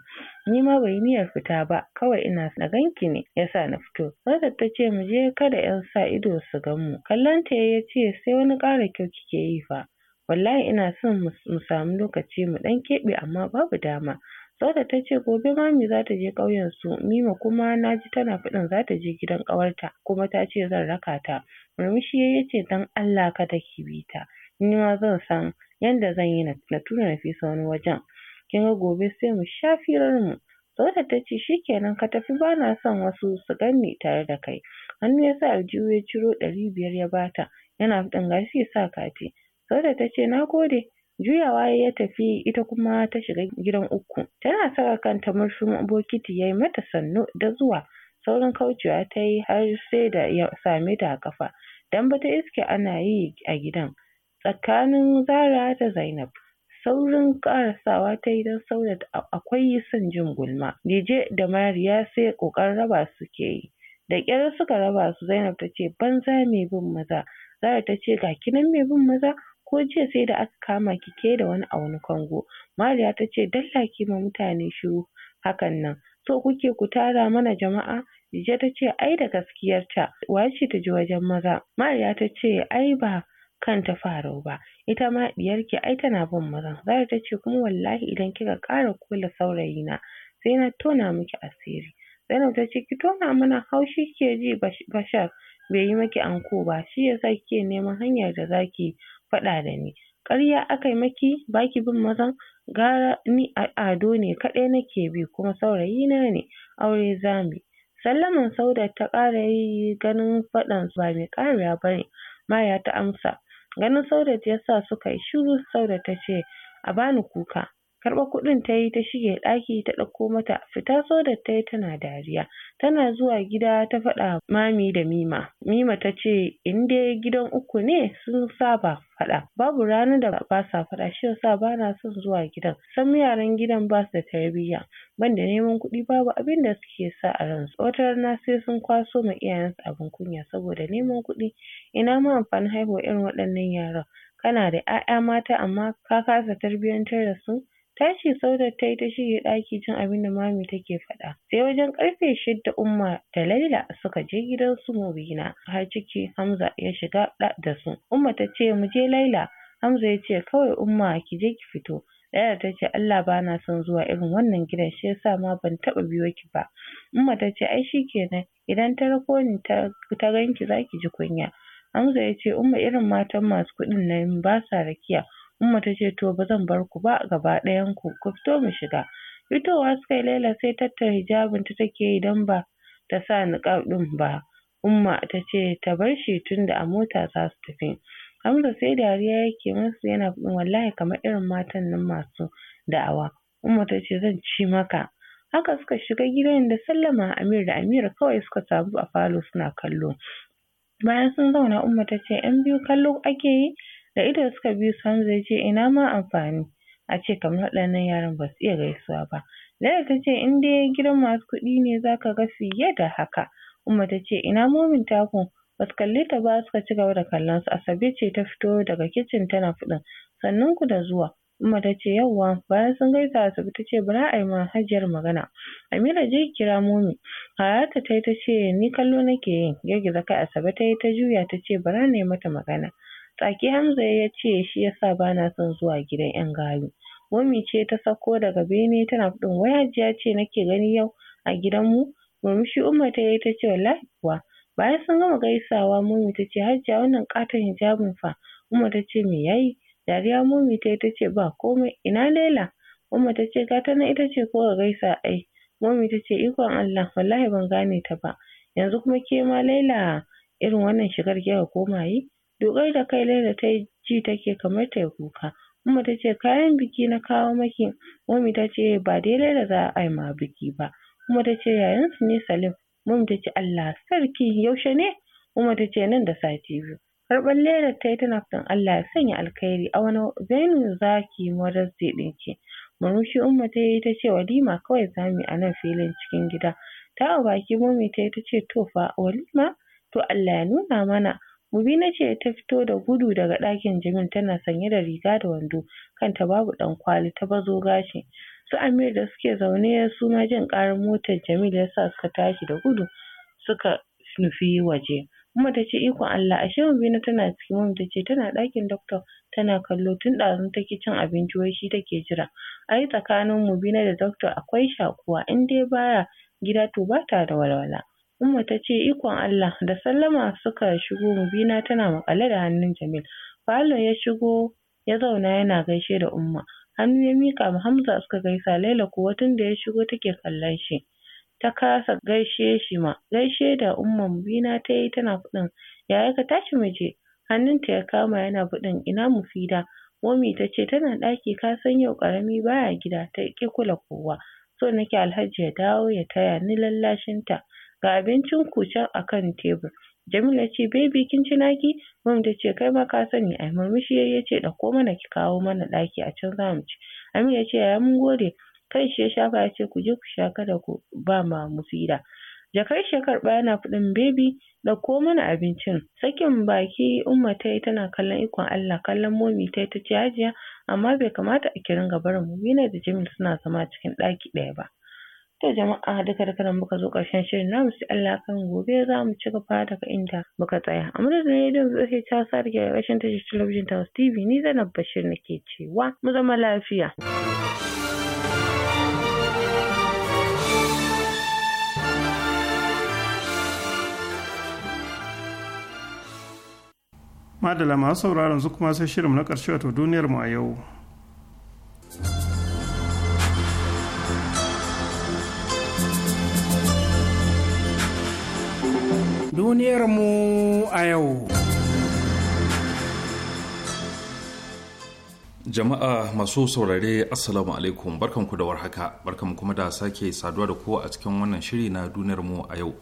Ni ma bai niyyar fita ba, kawai ina na ganki ne, ya sa na fito. Matar ta ce, Mu je kada 'yan sa ido su gan mu. Kallon ta ya ce, Sai wani ƙara kyau kike yi fa. wallahi ina son mu samu lokaci mu ɗan keɓe amma babu dama Sauta ta ce gobe Mami za ta je ƙauyensu, Mima kuma na ji tana faɗin za ta je gidan ƙawarta kuma ta ce zan raka ta. Murmushi ya ce don Allah kada ki bi ta, ni ma zan san yanda zan yi na tura Nafisa wani wajen. Kin ga gobe sai mu sha firarmu. Saudat ta ce shi kenan ka tafi ba na son wasu su ganni tare da kai. Hannu ya sa aljihu ya ciro ɗari biyar ya bata, yana faɗin gashi ya sa kati. Saudat ta ce na gode. juyawa ya tafi ita kuma ta shiga gidan uku tana saka kanta murfin bokiti yayi mata sannu da zuwa saurin kaucewa ta yi har sai da ya same ta a kafa dan bata iske ana yi a gidan tsakanin Zara da Zainab saurin karasawa ta yi don akwai son jin gulma Dije da Mariya sai kokarin raba su ke yi da ƙyar suka raba su Zainab ta ce banza mai bin maza Zara ta ce ga kinan mai bin maza ko jiya sai da aka kama ki ke da wani a wani kango. Mariya ta ce dalla ki ma mutane shiru hakan nan. So kuke ku tara mana jama'a? Dije ta ce ai da gaskiyarta waye ce ta ji wajen maza. Mariya ta ce ai ba kan ta farau ba ita ma diyarki ai tana bin mazan. Zara ta ce kuma wallahi idan kika ƙara kula na sai na tona miki asiri. Zainab ta ce ki tona mana haushi ke ji Bashar bai yi maki anko ba shi yasa kike neman hanyar da zaki faɗa da ni. Ƙarya aka maki ba bin mazan gara ni ado ne kaɗai nake bi kuma saurayina ne aure za mu Sallaman Saudat ta ƙara yi ganin faɗan ba mai ƙarewa ba ne. Maya ta amsa. Ganin Saudat ya sa suka yi shiru sauda ta ce a bani kuka. Karɓar kuɗin ta yi ta shige ɗaki ta ɗauko mata. Fita sodar ta yi tana dariya. Tana zuwa gida ta faɗa Mami da Mima. Mima ta ce in dai gidan uku ne sun saba faɗa. Babu ranar da basa sa faɗa shi yasa ba na son zuwa gidan. san yaran gidan ba su da tarbiyya. Ban da neman kuɗi babu abin da suke sa a ransu. Wata rana sai sun kwaso ma iyayensu abin kunya saboda neman kuɗi. Ina ma amfanin haihuwa irin waɗannan yaran. Kana da 'ya'ya mata amma ka kasa tarbiyyantar da su. Tashi Saudat ta yi ta shirya ɗaki cin abin da mami take faɗa. Sai wajen ƙarfe shidda Umma da Laila suka je gidan su Mubina har ciki Hamza ya shiga da su. Umma ta ce mu je Laila. Hamza ya ce kawai Umma ki je ki fito. Laila ta ce Allah bana na son zuwa irin wannan gidan shi yasa ma ban taɓa biyo ki ba. Umma ta ce ai shikenan idan ta rako ni ta ganki za ki ji kunya. Hamza ya ce Umma irin matan masu kuɗin nan ba sa rakiya. Umma ta ce to ba zan bar ku ba gaba ɗayan ku ku fito mu shiga. Fitowa suka yi Laila sai tattara hijabin ta take yi don ba ta sa niƙab ɗin ba. Umma ta ce ta bar shi tunda a mota za su tafi. Hamza sai dariya yake musu yana faɗin wallahi kamar irin matan nan masu da'awa. Umma ta ce zan ci maka. Haka suka shiga gidan da sallama Amir da amir kawai suka sabu a falo suna kallo. Bayan sun zauna Umma ta ce ‘yan biyu kallo ake yi da ido suka biyu, su Hamza ya ce ina ma amfani a ce kamar waɗannan yaran ba su iya gaisuwa ba. Laila ta ce in dai gidan masu kuɗi ne za ka ga fiye da haka. Umma ta ce ina momin taku ba su kalle ta ba suka ci gaba da kallon su. Asabe ce ta fito daga kicin tana faɗin sannan ku da zuwa. Umma ta ce yawwa bayan sun gaisa Asabe ta ce bari a yi ma hajiyar magana. Amira je kira momi. Hayata ta yi ta ce ni kallo nake yin girgiza kai Asabe ta yi ta juya ta ce bari na yi mata magana. Tsaki Hamza ya ce shi yasa ba na son zuwa gidan 'yan gayu. Momi ce ta sako daga bene tana faɗin wai Hajiya ce nake gani yau a gidanmu? Murmushi Umma ta yi ta ce wallahi kuwa. Bayan sun gama gaisawa Momi ta ce Hajiya wannan katon hijabin fa? Umma ta ce me yayi? Dariya Momi ta yi ta ce ba komai ina Laila? Umma ta ce gata nan ita ce ko gaisa ai. Momi ta ce ikon Allah wallahi ban gane ta ba. Yanzu kuma ke ma Laila irin wannan shigar kika koma yi? Dukar da kai Laila ta yi ji take kamar ta yi kuka. Umma ta ce kayan biki na kawo maki. Momi ta ce ba dai Laila za a yi ma biki ba. Umma ta ce su ne Salim. Momi ta ce Allah sarki yaushe ne? Umma ta ce nan da sati biyu. Karɓar Laila ta yi tana fatan Allah ya sanya alkhairi a wani venue za ki Mother's Murmushi Umma ta yi ce walima kawai za a nan filin cikin gida. Ta baki Momi ta yi ce to fa walima to Allah ya nuna mana. Mubina ce ta fito da gudu daga ɗakin Jamil tana sanye da riga da wando, kanta babu ɗankwali ta bazo gashi. Su Amir da suke zaune su ma jin ƙarar motar Jamil ya sa suka tashi da gudu suka nufi waje. Umma ta ikon Allah ashe Mubina tana ciki, Umma ta tana ɗakin doctor tana kallo tun ɗazu take cin abinci wai shi take jira. Ai tsakanin Mubina da doctor akwai shakuwa in dai baya gida to bata da walwala. Umma ta ce ikon Allah da sallama suka shigo Mubina tana maƙale da hannun Jamil. Falo ya shigo ya zauna yana gaishe da Umma. Hannu ya mika ma Hamza suka gaisa Laila kuwa tun da ya shigo take kallon shi. Ta kasa gaishe shi ma. Gaishe da Umma Mubina ta yi tana faɗin yaya ka tashi mu je. Hannunta ya kama yana faɗin ina Mufida. Momi ta ce tana ɗaki ka san yau ƙarami baya gida ta ƙi kula kowa. So nake Alhaji ya dawo ya taya ni lallashinta. ga abincin ku can a kan tebur. Jamila ce bebi kin ci naki? Mom ta ce kai ma ka sani ai murmushi ya ce ɗauko mana ki kawo mana daki a can zamu ci. amin ya ce yaya mun gode. Kai shi ya shafa ya ce ku je ku sha kada ku ba ma musida. Jakar shi ya kuɗin, yana faɗin baby ɗauko mana abincin. Sakin baki Umma ta yi tana kallon ikon Allah kallon momi ta yi ta hajiya amma bai kamata a ki ringa barin Yana da Jamil suna zama cikin ɗaki ɗaya ba. To jama'a duka da nan muka zo ƙarshen shirin namu sai Allah kan gobe za mu ci gaba daga inda muka tsaya. A madadin rediyon zai ta sa da rashin tashar talabijin ta TV ni Zainab Bashir nake cewa mu zama lafiya. Madala masu sauraron su kuma sai shirin na ƙarshe wato duniyar mu a yau. duniyarmu a yau. Jama'a masu saurare Assalamu alaikum barkanku da warhaka barkanku kuma da sake saduwa da kowa a cikin wannan shiri na duniyarmu a yau.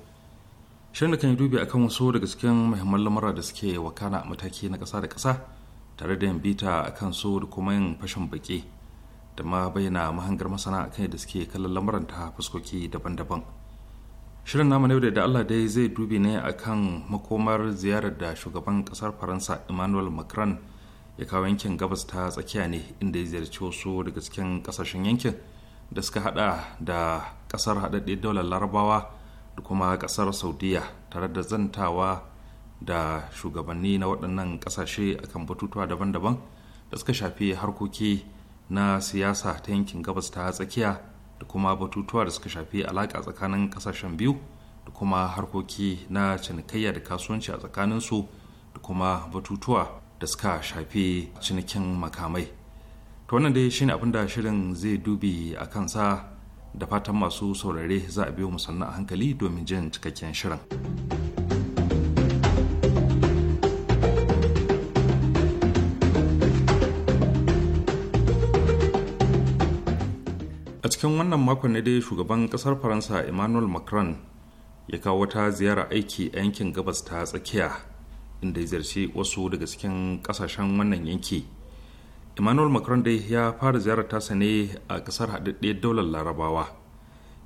Shirin da kan yi dubi akan wasu daga cikin muhimman lamura da suke wakana mataki na ƙasa da ƙasa tare da yin bita akan su da kuma yin fashin baƙi da ma bayyana mahangar masana akan da suke kallon lamuran ta fuskoki daban-daban. shirin namu yau da allah dai zai dubi ne akan makomar ziyarar da shugaban kasar faransa emmanuel macron ya kawo yankin gabas ta tsakiya ne inda ya ziyarci wasu daga cikin kasashen yankin da suka hada da kasar haɗaɗɗe daular larabawa da kuma kasar saudiya tare da zantawa da shugabanni na waɗannan kasashe akan batutuwa daban-daban da suka shafi harkoki na siyasa ta yankin gabas ta tsakiya da kuma batutuwa da suka shafi alaƙa tsakanin ƙasashen biyu da kuma harkoki na cinikayya da kasuwanci a tsakaninsu da kuma batutuwa da suka shafi cinikin makamai to wannan dai shine abin da shirin zai dubi a kansa da fatan masu saurare za a biyo musanna a hankali domin jin cikakken shirin. cikin wannan makon ne dai shugaban kasar faransa emmanuel macron ya kawo wata ziyara aiki a yankin gabas ta tsakiya inda ya ziyarci wasu daga cikin kasashen wannan yanki emmanuel macron dai ya fara ziyarar tasa ne a kasar haɗaɗɗe daular larabawa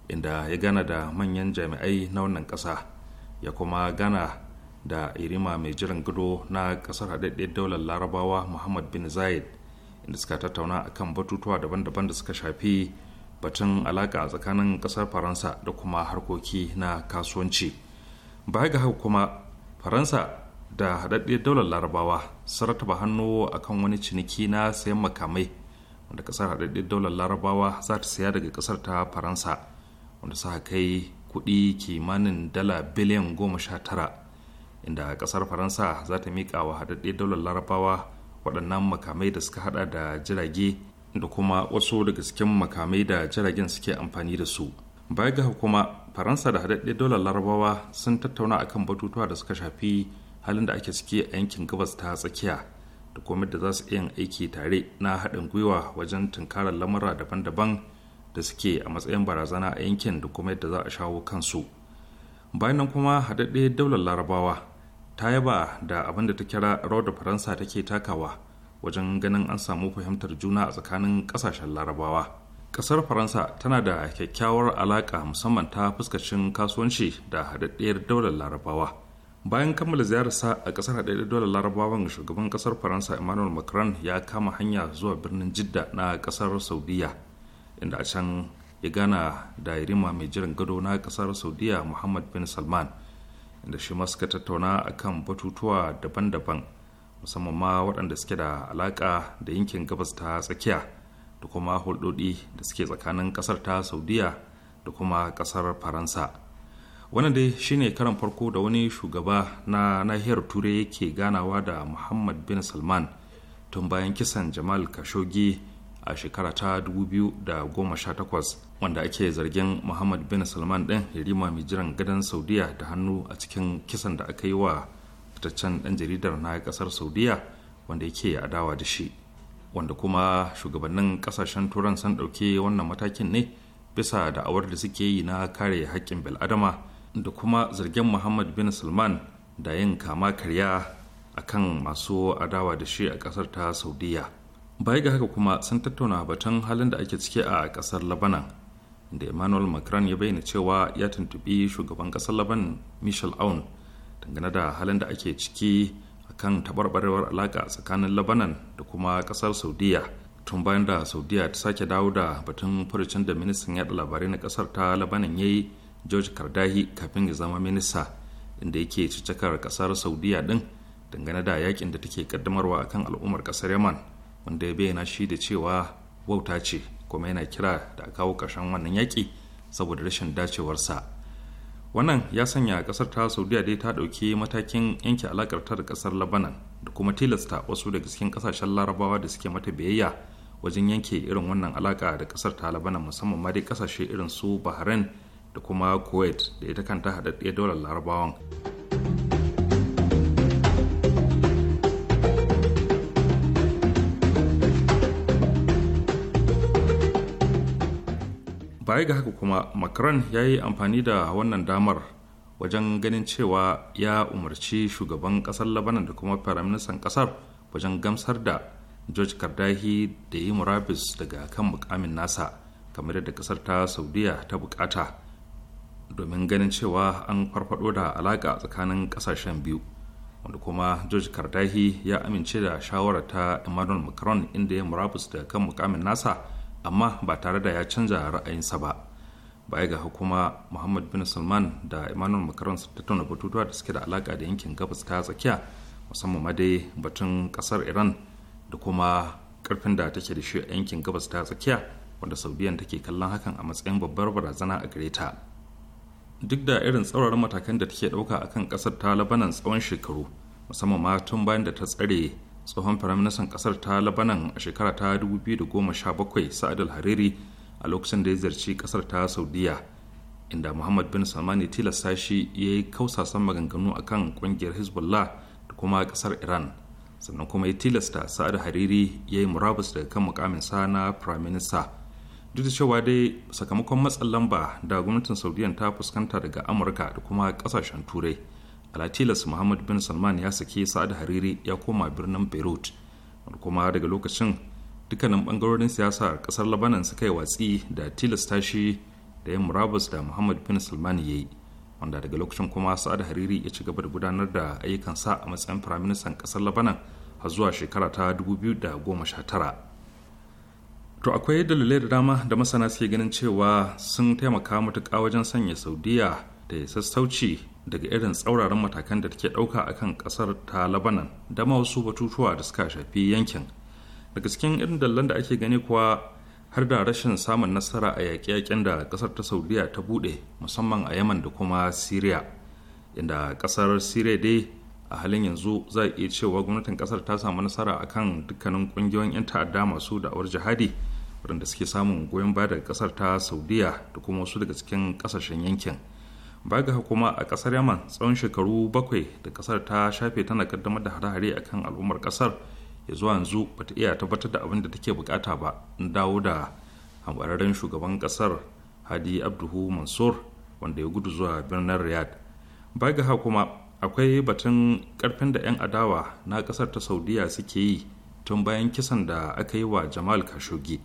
inda ya gana da manyan jami'ai na wannan kasa ya kuma gana da irima mai jiran gado na kasar haɗaɗɗiyar daular larabawa muhammad bin zayed inda suka tattauna akan batutuwa daban-daban da suka shafi batun alaka tsakanin kasar faransa da kuma harkoki na kasuwanci baya ga haka kuma faransa da haɗaɗɗiyar daular larabawa sun hannu hannu kan wani ciniki na sayan makamai wanda kasar haɗaɗɗiyar daular larabawa za ta saya daga kasar ta faransa wanda sa kai kuɗi kimanin dala biliyan goma sha tara inda kasar faransa za ta miƙa wa haɗaɗɗiyar daular larabawa waɗannan makamai da suka haɗa da jirage da kuma wasu daga cikin makamai da jiragen suke amfani da su baya ga kuma faransa da haɗaɗɗe dolar larabawa sun tattauna akan batutuwa da suka shafi halin da ake ciki a yankin gabas ta tsakiya da kuma da za su iya aiki tare na haɗin gwiwa wajen tunkarar lamura daban-daban da suke a matsayin barazana a yankin da kuma yadda za a shawo kansu bayan nan kuma haɗaɗɗe daular larabawa ta yaba da abin da ta kira rawar da faransa take takawa wajen ganin an samu fahimtar juna a tsakanin kasashen larabawa kasar faransa tana da kyakkyawar alaƙa musamman ta fuskacin kasuwanci da haɗaɗɗiyar daular larabawa bayan kammala ziyararsa a ƙasar haɗaɗɗiyar daular larabawan shugaban ƙasar faransa emmanuel macron ya kama hanya zuwa birnin jidda na ƙasar saudiya inda a can ya gana da irima mai jiran gado na ƙasar saudiya muhammad bin salman inda shi ma suka tattauna akan batutuwa daban-daban musamman ma waɗanda suke da alaƙa da yankin gabas ta tsakiya da kuma hulɗoɗi da suke tsakanin ƙasar ta saudiya da kuma ƙasar faransa wannan dai shine karan farko da wani shugaba na nahiyar turai yake ganawa da muhammad bin salman tun bayan kisan jamal kashogi a shekara ta 2018 wanda ake zargin muhammad bin salman ɗin yarima mai jiran gadon saudiya da hannu a cikin kisan da aka yi wa fitaccen ɗan jaridar na ƙasar saudiya wanda yake adawa da shi wanda kuma shugabannin ƙasashen turan sun ɗauki wannan matakin ne bisa da awar da suke yi na kare haƙƙin bil'adama da kuma zargin muhammad bin salman da yin kama karya a kan masu adawa da shi a ƙasar ta saudiya baya ga haka kuma sun tattauna batun halin da ake ciki a ƙasar labanan da emmanuel macron ya bayyana cewa ya tuntubi shugaban ƙasar laban michel aun dangane da halin da ake ciki a kan taɓarɓarewar alaƙa tsakanin labanan da kuma ƙasar saudiya tun bayan da saudiya ta sake dawo da batun furucin da ministan yaɗa labarai na ƙasar ta labanan ya yi george kardahi kafin ya zama minista inda yake cicakar ƙasar saudiya ɗin dangane da yakin da take kaddamarwa akan al'ummar ƙasar yaman wanda ya bayyana shi da cewa wauta ce kuma yana kira da a kawo ƙarshen wannan yaƙi saboda rashin dacewarsa wannan ya sanya kasar ta saudiya dai ta ɗauki matakin yanke alakar ta da kasar labanan da kuma tilasta wasu daga cikin kasashen larabawa da suke mata biyayya wajen yanke irin wannan alaka da kasar ta labanan musamman ma dai kasashe irin su bahrain da kuma kuwait da ita kanta haɗaɗɗiyar daular larabawan baya ga haka kuma macron ya yi amfani da wannan damar wajen ganin cewa ya umarci shugaban kasar labanan da kuma firaministan kasar wajen gamsar da george kardahi da yi murabis daga kan mukamin nasa kamar yadda kasar ta saudiya ta bukata domin ganin cewa an farfado da alaka tsakanin kasashen biyu wanda kuma george kardahi ya amince da shawarar ta emmanuel macron inda ya murabus daga kan mukamin nasa amma ba tare da ya canza ra'ayinsa ba baya ga hukuma muhammad bin salman da emmanuel macron su tattauna batutuwa da suke da alaka da yankin gabas ta tsakiya musamman ma dai batun kasar iran da kuma karfin da take da shi a yankin gabas ta tsakiya wanda saudiyan take kallon hakan a matsayin babbar barazana a gare ta duk da irin tsauraran matakan da take dauka akan kasar ta labanan tsawon shekaru musamman ma tun bayan da ta tsare tsohon firaministan kasar ta labanan a shekara ta 2017 sa'ad al-hariri a lokacin da ya zarci kasar ta saudiya inda muhammad bin salmani ya tilasta shi ya yi kausasan maganganu a kan kungiyar hezbollah da kuma kasar iran sannan kuma ya tilasta sa'ad hariri ya yi murabus daga kan mukamin sa na firaminista duk da cewa dai sakamakon matsin lamba da gwamnatin saudiyan ta fuskanta daga amurka da kuma kasashen turai alatilas muhammad bin salman ya sake sa'ad hariri ya koma birnin beirut kuma daga lokacin dukkanin bangarorin siyasa kasar labanan suka yi watsi da tilas tashi da yin murabus da muhammad bin salman ya yi wanda daga lokacin kuma sa'ad hariri ya ci gaba da gudanar da ayyukan sa a matsayin firaministan kasar labanan har zuwa shekara ta da goma sha tara. to akwai dalilai da dama da masana suke ganin cewa sun taimaka matuƙa wajen sanya saudiya da sassauci daga irin tsauraran matakan da take ɗauka a kan ƙasar ta labanan da ma wasu batutuwa da suka shafi yankin daga cikin irin dallan da ake gani kuwa har da rashin samun nasara a yaƙe-yaƙen da ƙasar ta saudiya ta buɗe musamman a yaman da kuma siriya inda ƙasar siriya dai a halin yanzu za a iya cewa gwamnatin ƙasar ta samu nasara a kan dukkanin ƙungiyoyin 'yan ta'adda masu da'awar jihadi waɗanda suke samun goyon baya daga ƙasar ta saudiya da kuma wasu daga cikin ƙasashen yankin ga hukuma a kasar yaman tsawon shekaru bakwai da kasar ta shafe tana kaddamar da hare-hare kan al'ummar kasar ya zuwa yanzu ta iya tabbatar da abin da take bukata ba in dawo da hambararren shugaban kasar hadi abduhu mansur wanda ya gudu zuwa birnin riyadh ga hukuma akwai batun karfin da 'yan adawa na kasar ta saudiya suke yi tun bayan kisan da aka yi wa jamal khashoggi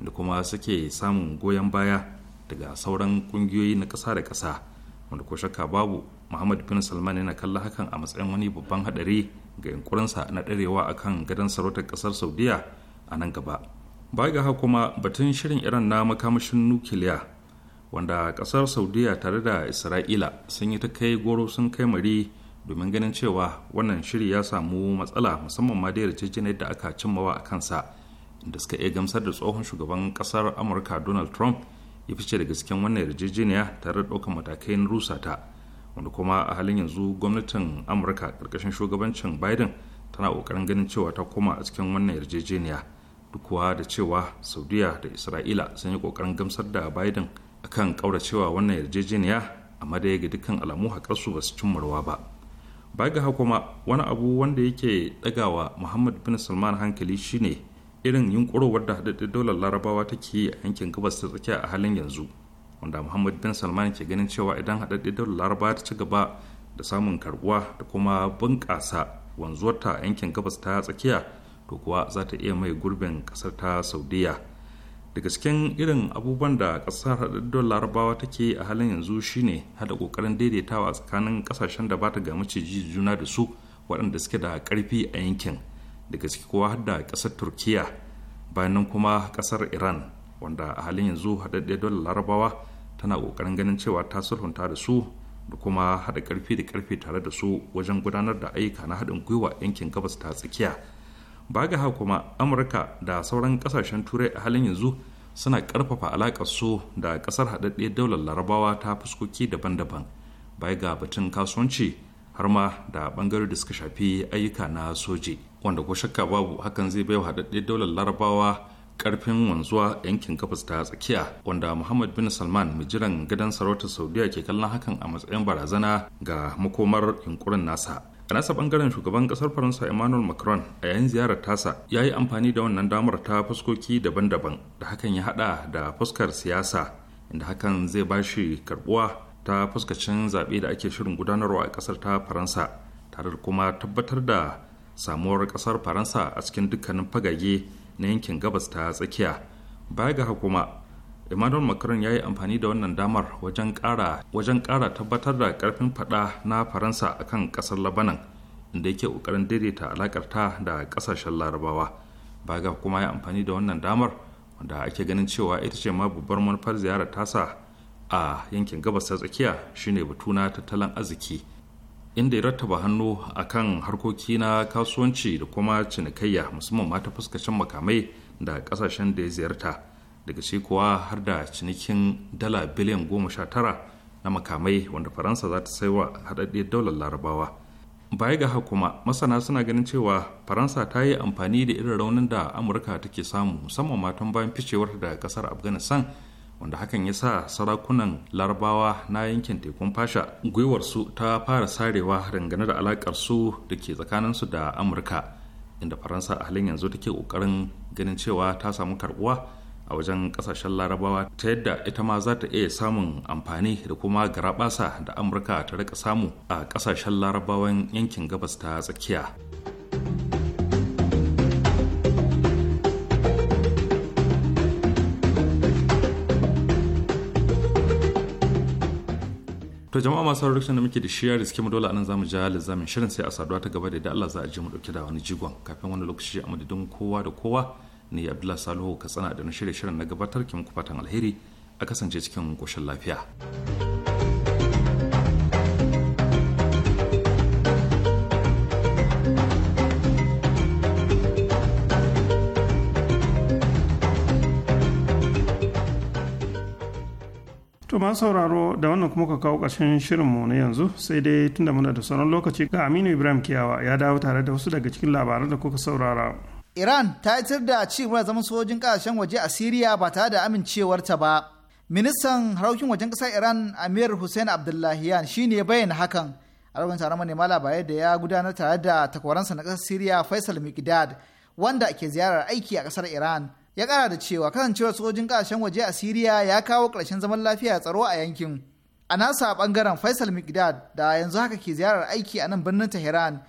da kuma suke samun goyon baya daga sauran kungiyoyi na kasa da ƙasa wanda ko shakka babu muhammad bin salman yana kalla hakan a matsayin wani babban hadari ga yunkurinsa na ɗarewa akan gadon sarautar ƙasar saudiya a nan gaba baya ga haka kuma batun shirin iran na makamashin nukiliya wanda ƙasar saudiya tare da isra'ila sun yi ta kai goro sun kai mari domin ganin cewa wannan shiri ya samu matsala musamman ma da yarjejeniyar da aka cimmawa a kansa inda suka iya gamsar da tsohon shugaban ƙasar amurka donald trump ya fice daga cikin wannan yarjejeniya tare da ɗaukar matakai na rusa ta wanda kuma a halin yanzu gwamnatin amurka ƙarƙashin shugabancin biden tana ƙoƙarin ganin cewa ta koma a cikin wannan yarjejeniya duk da cewa saudiya da isra'ila sun yi ƙoƙarin gamsar da biden akan ƙauracewa wannan yarjejeniya amma da ga dukkan alamu haƙarsu ba su cimmarwa ba baya ga kuma wani abu wanda yake ɗagawa muhammad bin salman hankali shine irin yunkurowar da haɗaɗɗen daular larabawa take yi a yankin gabas ta tsakiya a halin yanzu wanda muhammad bin salman ke ganin cewa idan haɗaɗɗen daular larabawa ta ci gaba da samun karbuwa da kuma bunƙasa wanzuwarta a yankin gabas ta tsakiya to kuwa za ta iya mai gurbin ƙasar ta saudiya daga cikin irin abubuwan da ƙasar haɗaɗɗen larabawa take a halin yanzu shine haɗa ƙoƙarin daidaitawa tsakanin ƙasashen da ba ta ga maciji juna da su waɗanda suke da ƙarfi a yankin daga ciki kowa har da ƙasar turkiya bayan kuma ƙasar iran wanda a halin yanzu haɗaɗɗiyar dole larabawa tana ƙoƙarin ganin cewa ta sulhunta da su da kuma haɗa ƙarfi da ƙarfi tare da su wajen gudanar da ayyuka na haɗin gwiwa yankin gabas ta tsakiya ba ga haka kuma amurka da sauran ƙasashen turai a halin yanzu suna ƙarfafa alaƙar su da ƙasar haɗaɗɗiyar daular larabawa ta fuskoki daban-daban baya ga batun kasuwanci har ma da ɓangare da suka shafi ayyuka na soji. wanda ko shakka babu hakan zai baiwa haɗaɗɗe daular larabawa karfin wanzuwa yankin gabas ta tsakiya wanda muhammad bin salman mai jiran gidan sarautar saudiya ke kallon hakan a matsayin barazana ga makomar yunkurin nasa a nasa bangaren shugaban kasar faransa emmanuel macron a yayin ziyarar tasa ya yi amfani da wannan damar ta fuskoki daban-daban da hakan ya hada da fuskar siyasa inda hakan zai ba shi karbuwa ta fuskacin zaɓe da ake shirin gudanarwa a kasar ta faransa tare da kuma tabbatar da samuwar kasar faransa a cikin dukkanin fagage na yankin gabas ta tsakiya baya ga hukuma emmanuel macron ya yi amfani da wannan damar wajen kara tabbatar da karfin fada na faransa akan kasar labanan inda yake kokarin daidaita alakar ta da kasashen larabawa baya ga kuma ya amfani da wannan damar wanda ake ganin cewa ita ce ma babbar manufar ziyarar tasa a yankin gabas ta tsakiya shine batu na tattalin arziki inda ya rattaba hannu a kan harkoki na kasuwanci da kuma cinikayya musamman mata fuskacin makamai da kasashen da ya ziyarta daga shi kuwa har da cinikin dala biliyan goma sha tara na makamai wanda faransa za ta sai wa haɗaɗɗiyar daular larabawa baya ga kuma masana suna ganin cewa faransa ta yi amfani da irin raunin da amurka take samu musamman matan bayan ficewar da kasar afghanistan wanda hakan ya sa sarakunan larabawa na yankin tekun fasha gwiwarsu ta fara sarewa dangane da alakar su da ke tsakaninsu da amurka inda faransa a halin yanzu take kokarin ganin cewa ta samu karbuwa a wajen kasashen larabawa ta yadda ita ma za ta iya samun amfani da kuma garabasa da amurka ta rika samu a kasashen larabawan yankin gabas ta tsakiya to jama'a masu rikicin da muke da shi ya riske mu dole anan zamu ja lizamin shirin sai a saduwa ta gaba da da Allah za a ji mu dauke da wani jigon kafin wani lokaci a madadin kowa da kowa ne Abdullahi Salihu Katsina da na shirye shirin na gabatar ki muku fatan alheri a kasance cikin koshin lafiya. masu sauraro da wannan kuma ka kawo ƙarshen shirinmu na yanzu sai dai tunda muna da sauran lokaci ga Aminu Ibrahim Kiyawa ya dawo tare da wasu daga cikin labaran da kuka saurara. Iran ta yitar da ci mura zaman sojojin ƙasashen waje a Siriya ba tare da amincewarta ba. Ministan harkokin wajen kasar Iran Amir Hussein Abdullahiyan ne bayyana hakan. a rabin taron manema labarai da ya gudanar tare da takwaransa na kasar Siriya Faisal Mikdad wanda ke ziyarar aiki a kasar Iran. ya kara da cewa kasancewar sojin kasashen waje a siriya ya kawo ƙarshen zaman lafiya tsaro a yankin a nasa bangaren faisal mikdad da yanzu haka ke ziyarar aiki a nan birnin tehran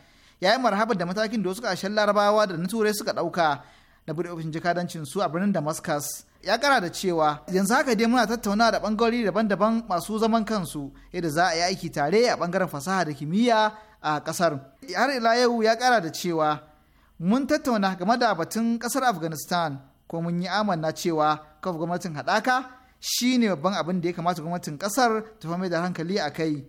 ya yi marhaba da matakin da wasu kasashen larabawa da na turai suka ɗauka na buɗe ofishin jakadancin su a birnin damascus ya kara da cewa yanzu haka dai muna tattauna da bangarori daban-daban masu zaman kansu yadda za a yi aiki tare a bangaren fasaha da kimiyya a kasar har ila yau ya kara da cewa mun tattauna game da batun kasar afghanistan ko mun yi amanna cewa kafa gwamnatin haɗaka shi ne babban abin da ya kamata gwamnatin ƙasar ta fama da hankali a kai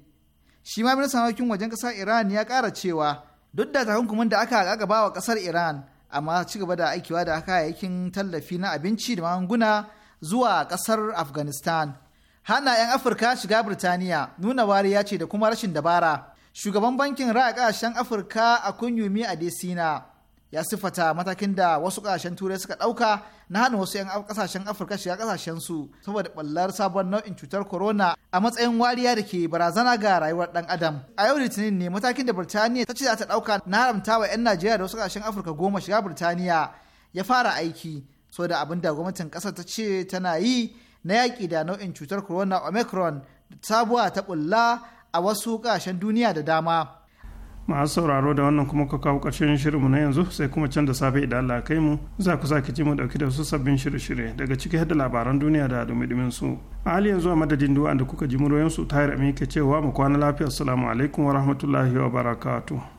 shi ma ministan harkokin wajen ƙasar iran ya ƙara cewa duk da takunkumin da aka ba wa ƙasar iran amma ci gaba da aikiwa da kayayyakin tallafi na abinci da magunguna zuwa ƙasar afghanistan hana 'yan afirka shiga birtaniya nuna wariya ce da kuma rashin dabara shugaban bankin raya ƙasashen afirka a kunyumi a desina ya siffata matakin da wasu kasashen turai suka ɗauka na hana wasu 'yan kasashen afirka shiga kasashen su saboda ɓallar sabon nau'in cutar corona a matsayin wariya da ke barazana ga rayuwar ɗan adam a yau litinin ne matakin da birtaniya ta ce za ta ɗauka na haramta wa 'yan najeriya da wasu kasashen afirka goma shiga birtaniya ya fara aiki da abin da gwamnatin kasar ta ce tana yi na yaki da nau'in cutar corona omicron sabuwa ta bulla a wasu kasashen duniya da dama masu sauraro da wannan kuma ka kawo ƙarshen shirinmu na yanzu sai kuma can da safe idan Allah kai mu za ku sake ji mu dauki da su sabbin shirye-shirye daga ciki da labaran duniya da dumi-dumin su a hali yanzu a madadin duwa da kuka ji muryoyin su tayar ke cewa mu kwana lafiya assalamu alaikum wa rahmatullahi wa barakatuh